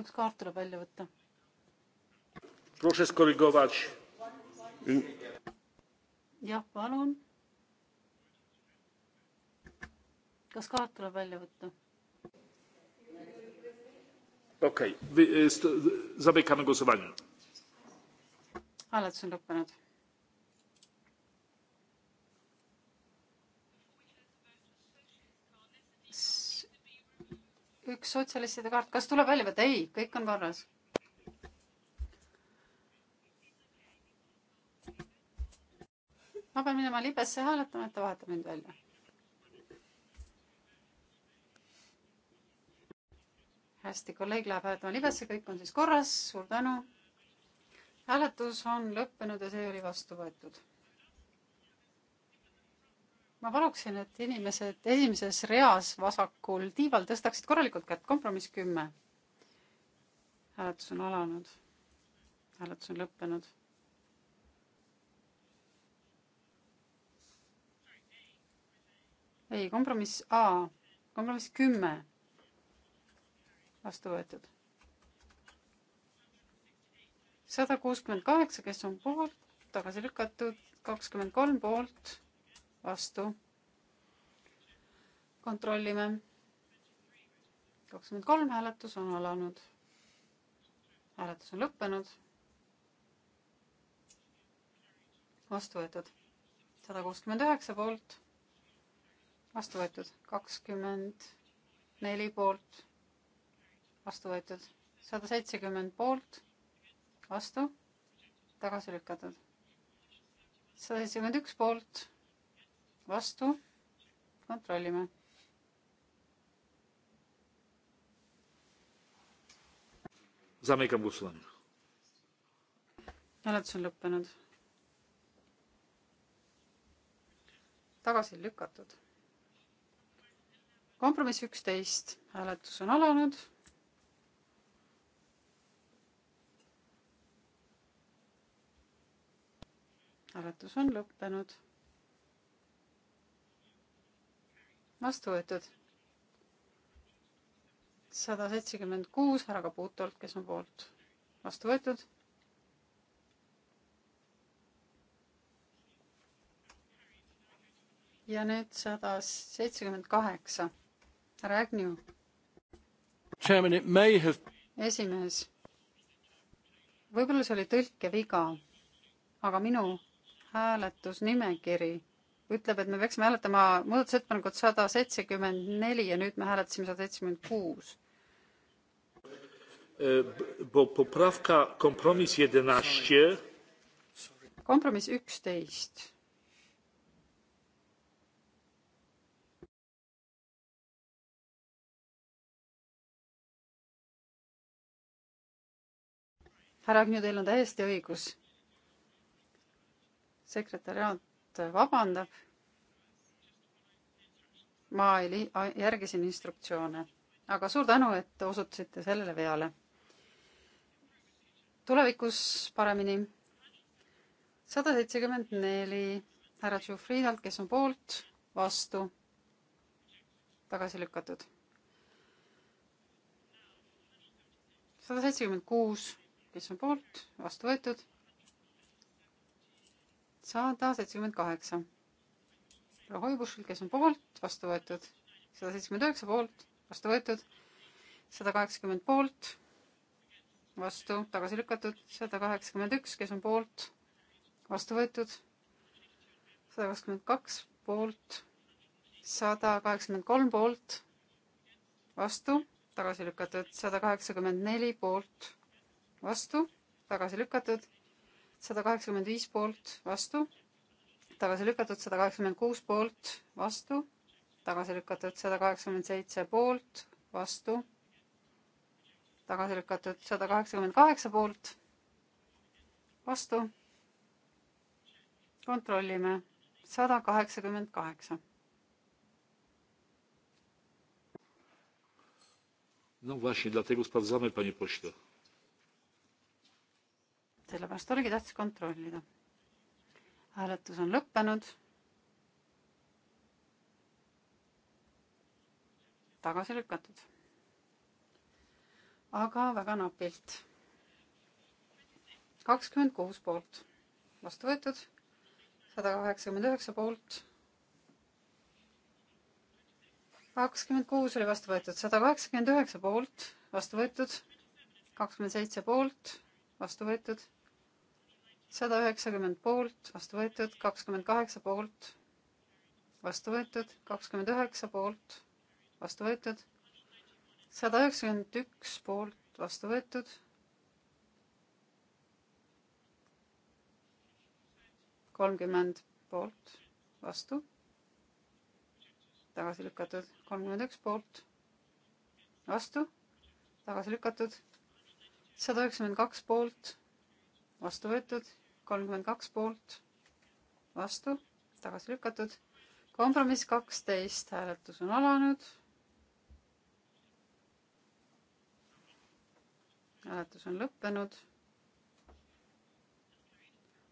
üks kaart tuleb välja võtta. jah, palun. kas kaart tuleb välja võtta? okei okay., zamykamy głosowanie. hääletus on lõppenud üks sotsialistide kaart, kas tuleb välja võtta? ei, kõik on korras. ma pean minema libesse hääletama, et ta vahetab mind välja. hästi, kolleeg läheb hääletama libesse, kõik on siis korras, suur tänu. hääletus on lõppenud ja see oli vastu võetud ma paluksin, et inimesed esimeses reas vasakul tiival tõstaksid korralikult kätt, kompromiss kümme. hääletus on alanud. hääletus on lõppenud. ei, kompromiss A, kompromiss kümme, vastu võetud. sada kuuskümmend kaheksa, kes on poolt, tagasi lükatud, kakskümmend kolm poolt vastu. kontrollime. kakskümmend kolm hääletus on alanud. hääletus on lõppenud. vastu võetud sada kuuskümmend üheksa poolt, vastu võetud kakskümmend neli poolt, vastu võetud sada seitsekümmend poolt, vastu, tagasi lükatud sada seitsekümmend üks poolt vastu, kontrollime. hääletus on lõppenud. tagasi lükatud. kompromiss üksteist, hääletus on alanud hääletus on lõppenud vastu võetud. sada seitsekümmend kuus härra Kaputolt, kes on poolt, vastu võetud. ja nüüd sada seitsekümmend kaheksa, härra Agnew. esimees, võib-olla see oli tõlkeviga, aga minu hääletusnimekiri ütleb, et me peaksime hääletama muudatusettepanekut sada seitsekümmend neli ja nüüd me hääletasime sada seitsekümmend kuus. E, kompromiss üksteist. härra Agnew, teil on täiesti õigus. sekretäriaat et vabandab. ma ei järgisin instruktsioone, aga suur tänu, et osutusite sellele veale. tulevikus paremini. sada seitsekümmend neli härra Tšufridalt, kes on poolt, vastu, tagasi lükatud. sada seitsekümmend kuus, kes on poolt, vastu võetud sada seitsekümmend kaheksa. härra Hoibuschel, kes on poolt, vastu võetud. sada seitsekümmend üheksa poolt, vastu võetud. sada kaheksakümmend poolt, vastu, tagasi lükatud. sada kaheksakümmend üks, kes on poolt, vastu võetud. sada kakskümmend kaks poolt, sada kaheksakümmend kolm poolt, vastu, tagasi lükatud. sada kaheksakümmend neli poolt, vastu, tagasi lükatud sada kaheksakümmend viis poolt, vastu, tagasi lükatud, sada kaheksakümmend kuus poolt, vastu, tagasi lükatud, sada kaheksakümmend seitse poolt, vastu, tagasi lükatud, sada kaheksakümmend kaheksa poolt, vastu. kontrollime, sada kaheksakümmend kaheksa. No właśnie, dlatego sprawdzamy, panie pośle sellepärast oligi tähtis kontrollida. hääletus on lõppenud. tagasi lükatud. aga väga napilt. kakskümmend kuus poolt vastu võetud, sada kaheksakümmend üheksa poolt. kakskümmend kuus oli vastu võetud, sada kaheksakümmend üheksa poolt vastu võetud, kakskümmend seitse poolt vastu võetud sada üheksakümmend poolt, vastu võetud, kakskümmend kaheksa poolt, vastu võetud, kakskümmend üheksa poolt, vastu võetud, sada üheksakümmend üks poolt, vastu võetud, kolmkümmend poolt, vastu, tagasi lükatud, kolmkümmend üks poolt, vastu, tagasi lükatud, sada üheksakümmend kaks poolt, vastu võetud kolmkümmend kaks poolt, vastu, tagasi lükatud. kompromiss kaksteist, hääletus on alanud. hääletus on lõppenud.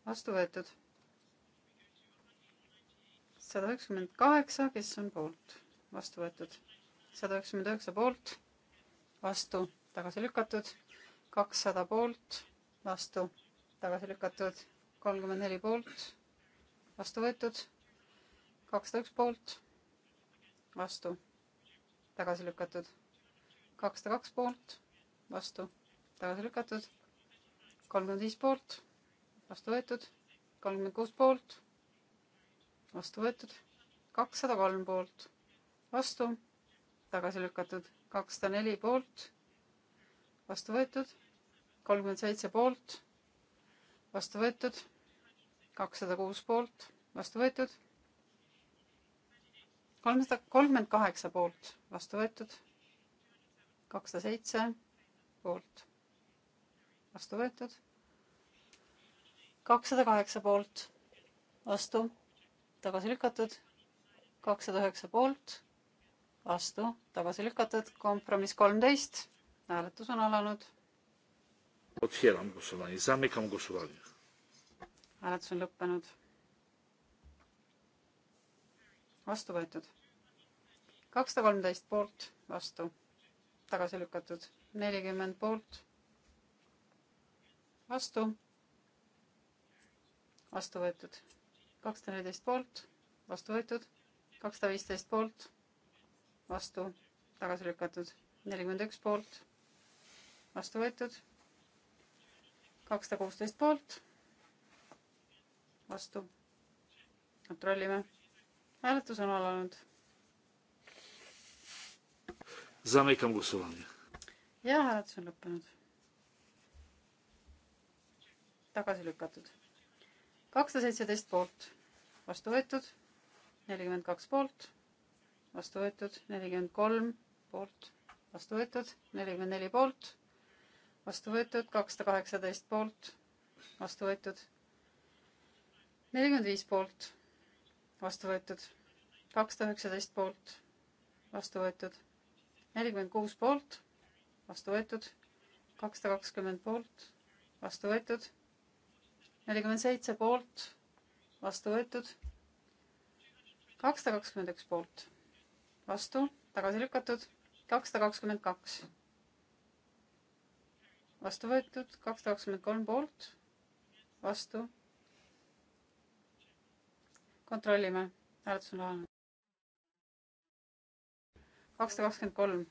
vastu võetud. sada üheksakümmend kaheksa, kes on poolt, vastu võetud. sada üheksakümmend üheksa poolt, vastu, tagasi lükatud. kakssada poolt, vastu tagasi lükatud, kolmkümmend neli poolt, vastu võetud, kakssada üks poolt, vastu, tagasi lükatud, kakssada kaks poolt, vastu, tagasi lükatud, kolmkümmend viis poolt, vastu võetud, kolmkümmend kuus poolt, vastu võetud, kakssada kolm poolt, vastu, tagasi lükatud, kakssada neli poolt, vastu võetud, kolmkümmend seitse poolt vastu võetud, kakssada kuus poolt, vastu võetud, kolmsada kolmkümmend kaheksa poolt, vastu võetud, kakssada seitse poolt, vastu võetud, kakssada kaheksa poolt, vastu, tagasi lükatud, kakssada üheksa poolt, vastu, tagasi lükatud, kompromiss kolmteist, hääletus on alanud Otwieram głosowanie. Zamykam głosowanie. Hääletus on lõppenud. Vastu võetud. 213 poolt vastu. Tagasi lükatud. 40 poolt vastu. Vastu võetud. 214 poolt vastu võetud. 215 poolt vastu. Tagasi lükatud. 41 poolt vastu võetud kakssada kuusteist poolt, vastu. kontrollime. hääletus on alanud. Zamykam głosowanie. ja hääletus on lõppenud. tagasi lükatud. kakssada seitseteist poolt, vastu võetud, nelikümmend kaks poolt, vastu võetud, nelikümmend kolm poolt, vastu võetud, nelikümmend neli poolt vastu võetud, kakssada kaheksateist poolt, vastu võetud, nelikümmend viis poolt, vastu võetud, kakssada üheksateist poolt, vastu võetud, nelikümmend kuus poolt, vastu võetud, kakssada kakskümmend poolt, vastu võetud, nelikümmend seitse poolt, vastu võetud, kakssada kakskümmend üks poolt, vastu, tagasi lükatud, kakssada kakskümmend kaks vastu võetud, kakssada kakskümmend kolm poolt, vastu. kontrollime, hääletus on alanud. kakssada kakskümmend kolm.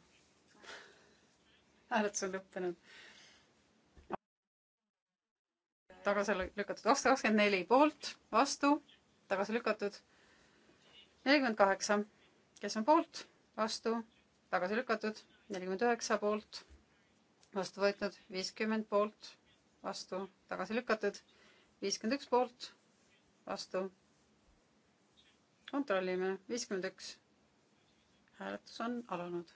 hääletus on lõppenud. tagasi lükatud, kakssada kakskümmend neli poolt, vastu, tagasi lükatud. nelikümmend kaheksa, kes on poolt, vastu, tagasi lükatud, nelikümmend üheksa poolt vastu võetud, viiskümmend poolt, vastu, tagasi lükatud, viiskümmend üks poolt, vastu. kontrollime, viiskümmend üks. hääletus on alanud.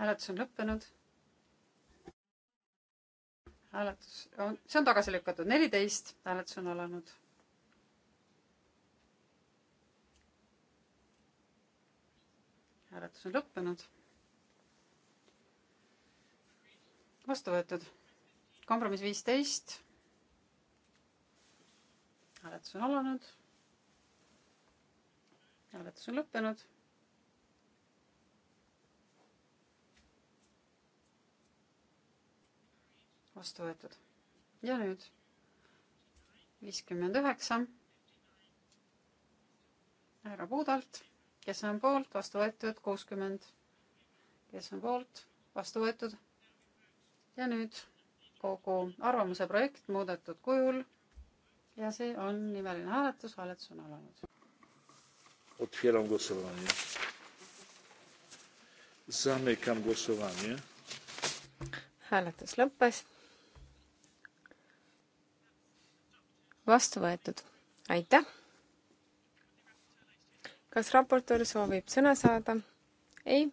hääletus on lõppenud. hääletus on, see on tagasi lükatud, neliteist, hääletus on alanud hääletus on lõppenud. vastu võetud. kompromiss viisteist. hääletus on alanud. hääletus on lõppenud. vastu võetud. ja nüüd viiskümmend üheksa härra Puudalt kes on poolt, vastu võetud kuuskümmend, kes on poolt, vastu võetud. ja nüüd kogu arvamuse projekt muudetud kujul. ja see on nimeline hääletus, hääletus on alanud. Otwieram głosowanie. Zamykam głosowanie. Hääletus lõppes. vastu võetud. aitäh! kas raportöör soovib sõna saada? ei.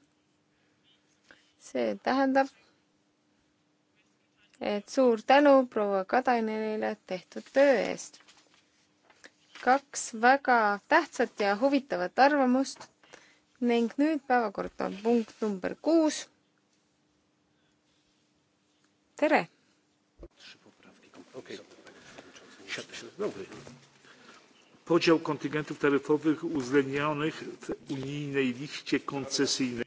see tähendab, et suur tänu proua Kadainenile tehtud töö eest. kaks väga tähtsat ja huvitavat arvamust ning nüüd päevakord on punkt number kuus. tere. okei okay., podział kontyngentów taryfowych uwzględnionych w unijnej liście koncesyjnej.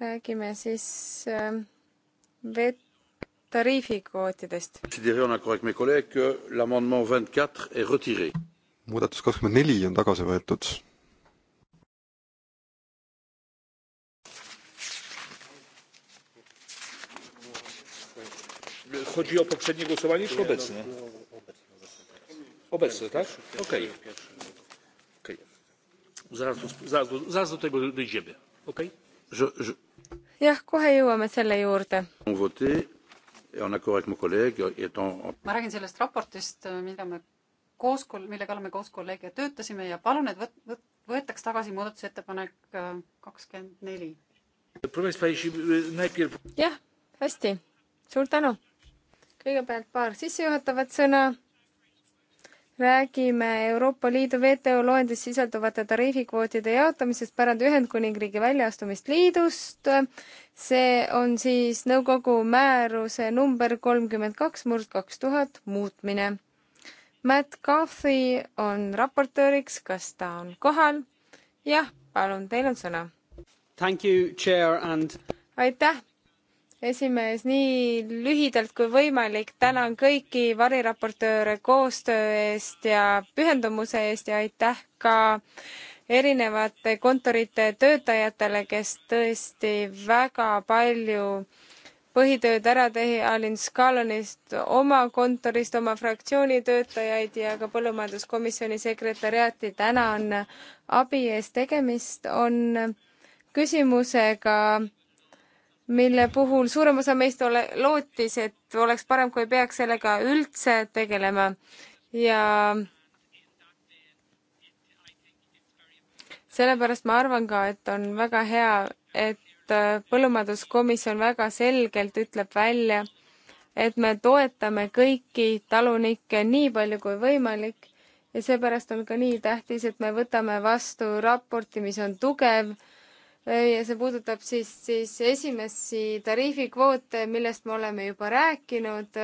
räägime siis ähm, vett, tariifikvootidest. muudatus kakskümmend neli on tagasi võetud. Chodzi o poprzednie głosowanie czy obecne? Obecny, tak? Okej. Okay. Zaraz, zaraz, zaraz do tego dojdziemy. Okej? Okay? jah, kohe jõuame selle juurde. ma räägin sellest raportist, mida me koos, mille kallal me koos kolleegiga töötasime ja palun, et võt-, võt-, võetaks tagasi muudatusettepanek äh, kakskümmend neli. jah, hästi, suur tänu. kõigepealt paar sissejuhatavat sõna räägime Euroopa Liidu WTO loendis sisalduvate tariifikvootide jaotamisest pärand Ühendkuningriigi väljaastumist liidust. see on siis nõukogu määruse number kolmkümmend kaks murd kaks tuhat muutmine. Matt Cathy on raportööriks, kas ta on kohal? jah, palun, teil on sõna. And... aitäh, esimees, nii lühidalt kui võimalik, tänan kõiki variraportööre koostöö eest ja pühendumuse eest ja aitäh ka erinevate kontorite töötajatele, kes tõesti väga palju põhitööd ära tehi Alin Skalonist, oma kontorist, oma fraktsiooni töötajaid ja ka Põllumajanduskomisjoni sekretäriaati tänan abi eest. tegemist on küsimusega, mille puhul suurem osa meist ole, lootis, et oleks parem, kui ei peaks sellega üldse tegelema ja sellepärast ma arvan ka, et on väga hea, et põllumajanduskomisjon väga selgelt ütleb välja, et me toetame kõiki talunikke nii palju kui võimalik ja seepärast on ka nii tähtis, et me võtame vastu raporti, mis on tugev ja see puudutab siis, siis esimesi tariifikvoote, millest me oleme juba rääkinud.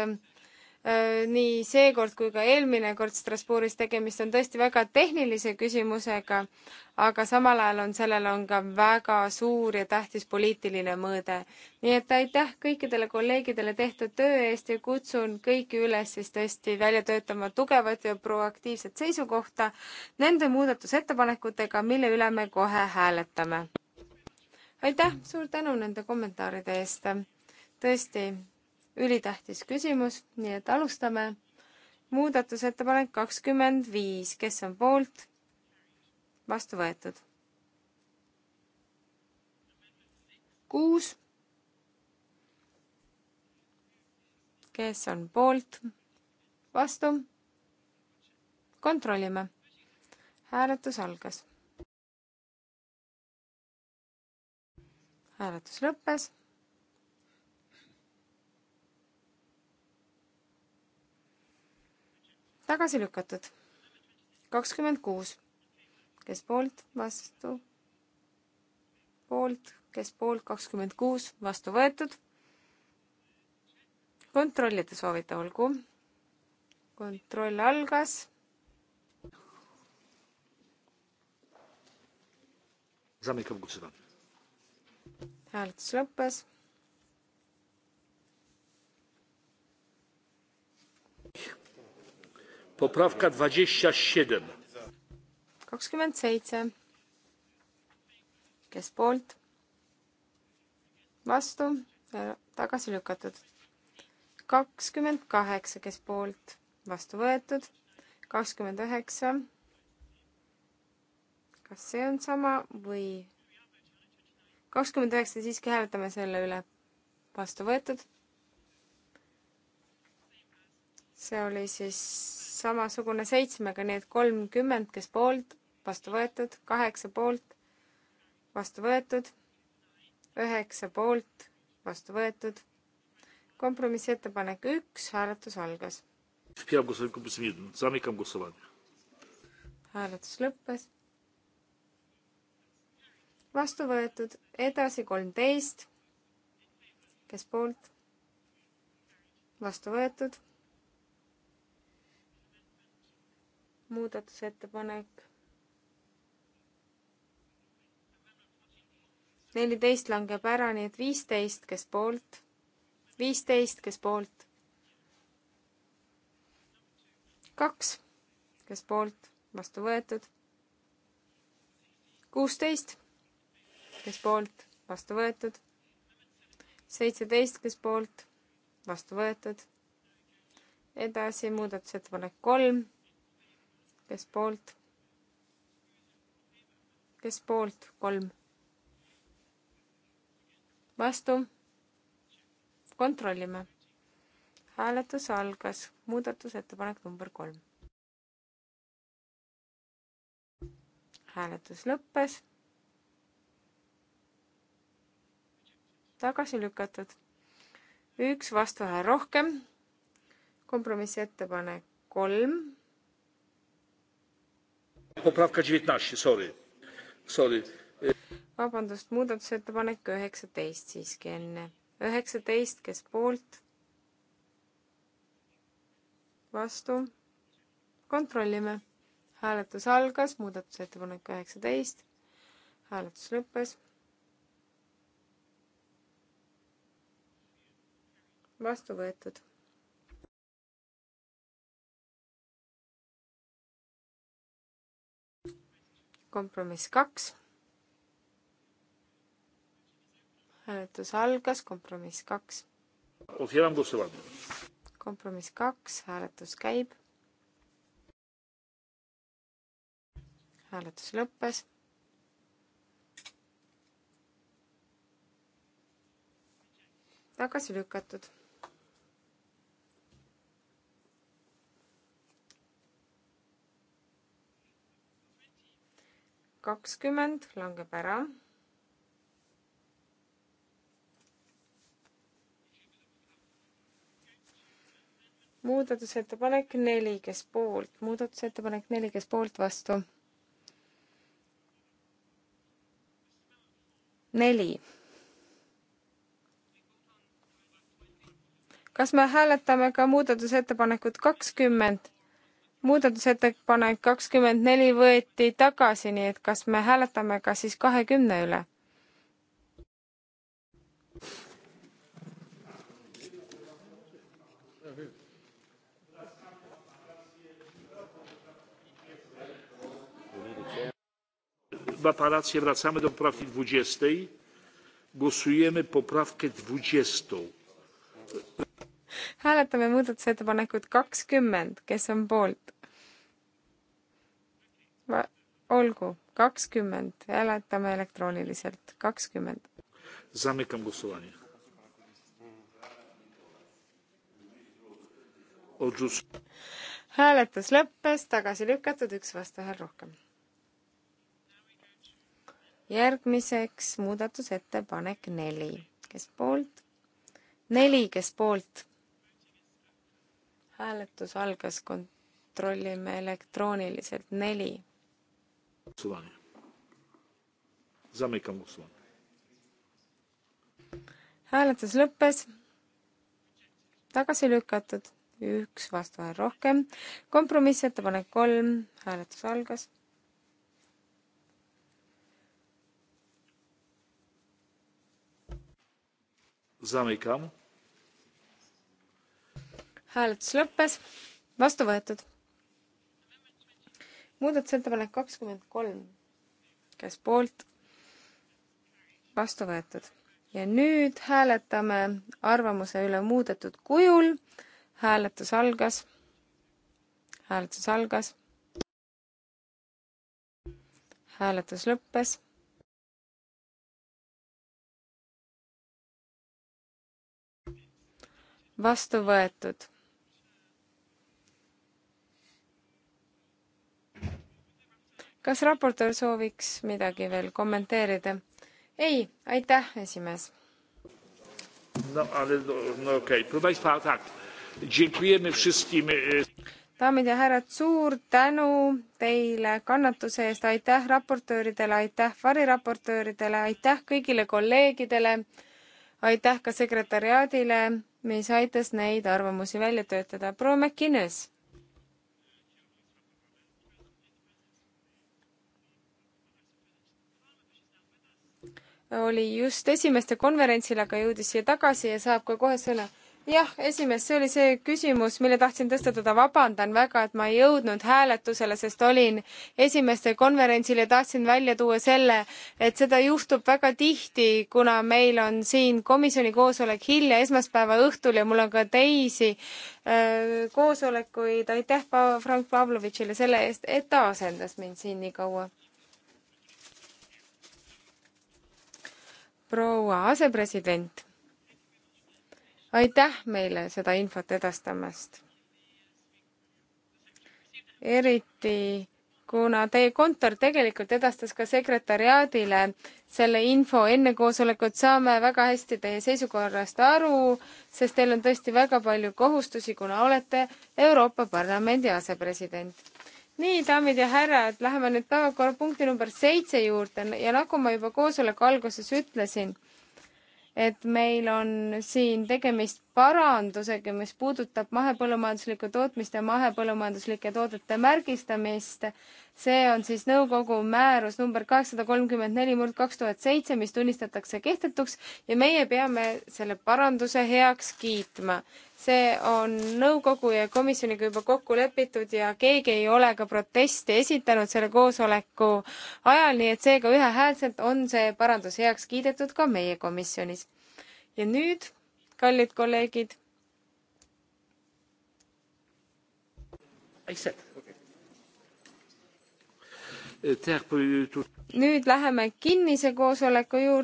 nii seekord kui ka eelmine kord Strasbourgis tegemist on tõesti väga tehnilise küsimusega, aga samal ajal on sellel on ka väga suur ja tähtis poliitiline mõõde. nii et aitäh kõikidele kolleegidele tehtud töö eest ja kutsun kõiki üles siis tõesti välja töötama tugevat ja proaktiivset seisukohta nende muudatusettepanekutega, mille üle me kohe hääletame aitäh, suur tänu nende kommentaaride eest. tõesti ülitähtis küsimus, nii et alustame. muudatusettepanek kakskümmend viis, kes on poolt? vastu võetud. kuus. kes on poolt? vastu. kontrollime. hääletus algas hääletus lõppes. tagasi lükatud. kakskümmend kuus, kes poolt, vastu, poolt, kes poolt, kakskümmend kuus, vastu võetud. kontrollida soovite, olgu. kontroll algas Zamykam głosowanie hääletus lõppes. Poprawka dwadzieścia siedem. kakskümmend seitse. kes poolt? vastu, tagasi lükatud. kakskümmend kaheksa, kes poolt, vastu võetud. kakskümmend üheksa. kas see on sama või kakskümmend üheksa, siiski hääletame selle üle. vastu võetud. see oli siis samasugune seitsmega, nii et kolmkümmend, kes poolt, vastu võetud, kaheksa poolt, vastu võetud, üheksa poolt, vastu võetud. kompromissettepanek üks, hääletus algas. hääletus lõppes vastu võetud, edasi kolmteist, kes poolt, vastu võetud. muudatusettepanek. neliteist langeb ära, nii et viisteist, kes poolt, viisteist, kes poolt. kaks, kes poolt, vastu võetud. kuusteist kes poolt, vastu võetud. seitseteist, kes poolt, vastu võetud. edasi muudatusettepanek kolm, kes poolt, kes poolt, kolm. vastu. kontrollime. hääletus algas, muudatusettepanek number kolm hääletus lõppes tagasi lükatud. üks vastuhääl rohkem. kompromissettepanek kolm. vabandust, muudatusettepanek üheksateist siiski enne. üheksateist, kes poolt? vastu? kontrollime. hääletus algas, muudatusettepanek üheksateist. hääletus lõppes vastu võetud. kompromiss kaks. hääletus algas, kompromiss kaks. kompromiss kaks, hääletus käib. hääletus lõppes tagasi lükatud kakskümmend langeb ära. muudatusettepanek neli, kes poolt, muudatusettepanek neli, kes poolt, vastu. neli. kas me hääletame ka muudatusettepanekut kakskümmend? muudatusettepanek kakskümmend neli võeti tagasi, nii et kas me hääletame ka siis kahekümne üle? ma pan rację wracamy do poprawki dwudziestej głosujemy poprawkę dwudziestą hääletame muudatusettepanekut kakskümmend, kes on poolt? olgu, kakskümmend, hääletame elektrooniliselt, kakskümmend. Zamykam głosowanie. Odrzuc- hääletus lõppes, tagasi lükatud, üks vastuhääl rohkem. järgmiseks muudatusettepanek neli, kes poolt? neli, kes poolt? hääletus algas, kontrollime elektrooniliselt, neli. hääletus lõppes, tagasi lükatud, üks vastuhääl rohkem, kompromissettepanek kolm, hääletus algas Zamykam hääletus lõppes, vastu võetud. muudatusettepanek kakskümmend kolm, kes poolt, vastu võetud. ja nüüd hääletame arvamuse üle muudetud kujul. hääletus algas, hääletus algas. hääletus lõppes vastu võetud. kas raportöör sooviks midagi veel kommenteerida? ei, aitäh, esimees. no ale no, no okei okay., proua Ispa, tak. E, daamid ja härrad, suur tänu teile kannatuse eest, aitäh raportööridele, aitäh variraportööridele, aitäh kõigile kolleegidele, aitäh ka sekretäriaadile, mis aitas neid arvamusi välja töötada. proua McInnes oli just esimeste konverentsil, aga jõudis siia tagasi ja saab ka kohe sõna. jah, esimees, see oli see küsimus, mille tahtsin tõstatada. vabandan väga, et ma ei jõudnud hääletusele, sest olin esimeste konverentsil ja tahtsin välja tuua selle, et seda juhtub väga tihti, kuna meil on siin komisjoni koosolek hilja esmaspäeva õhtul ja mul on ka teisi öö, äh, koosolekuid. aitäh Frank Pavlovitšile selle eest, et ta asendas mind siin nii kaua proua asepresident, aitäh meile seda infot edastamast. eriti kuna teie kontor tegelikult edastas ka sekretariaadile selle info enne koosolekut, saame väga hästi teie seisukorrast aru, sest teil on tõesti väga palju kohustusi, kuna olete Euroopa Parlamendi asepresident nii, daamid ja härrad, läheme nüüd päevakorrapunkti number seitse juurde ja nagu ma juba koosoleku alguses ütlesin, et meil on siin tegemist parandusega, mis puudutab mahepõllumajanduslikku tootmist ja mahepõllumajanduslike toodete märgistamist see on siis nõukogu määrus number kaheksasada kolmkümmend neli murd kaks tuhat seitse, mis tunnistatakse kehtetuks ja meie peame selle paranduse heaks kiitma. see on nõukogu ja komisjoniga juba kokku lepitud ja keegi ei ole ka protesti esitanud selle koosoleku ajal, nii et seega ühehäälselt on see parandus heaks kiidetud ka meie komisjonis. ja nüüd, kallid kolleegid. I said nüüd läheme kinnise koosoleku juurde.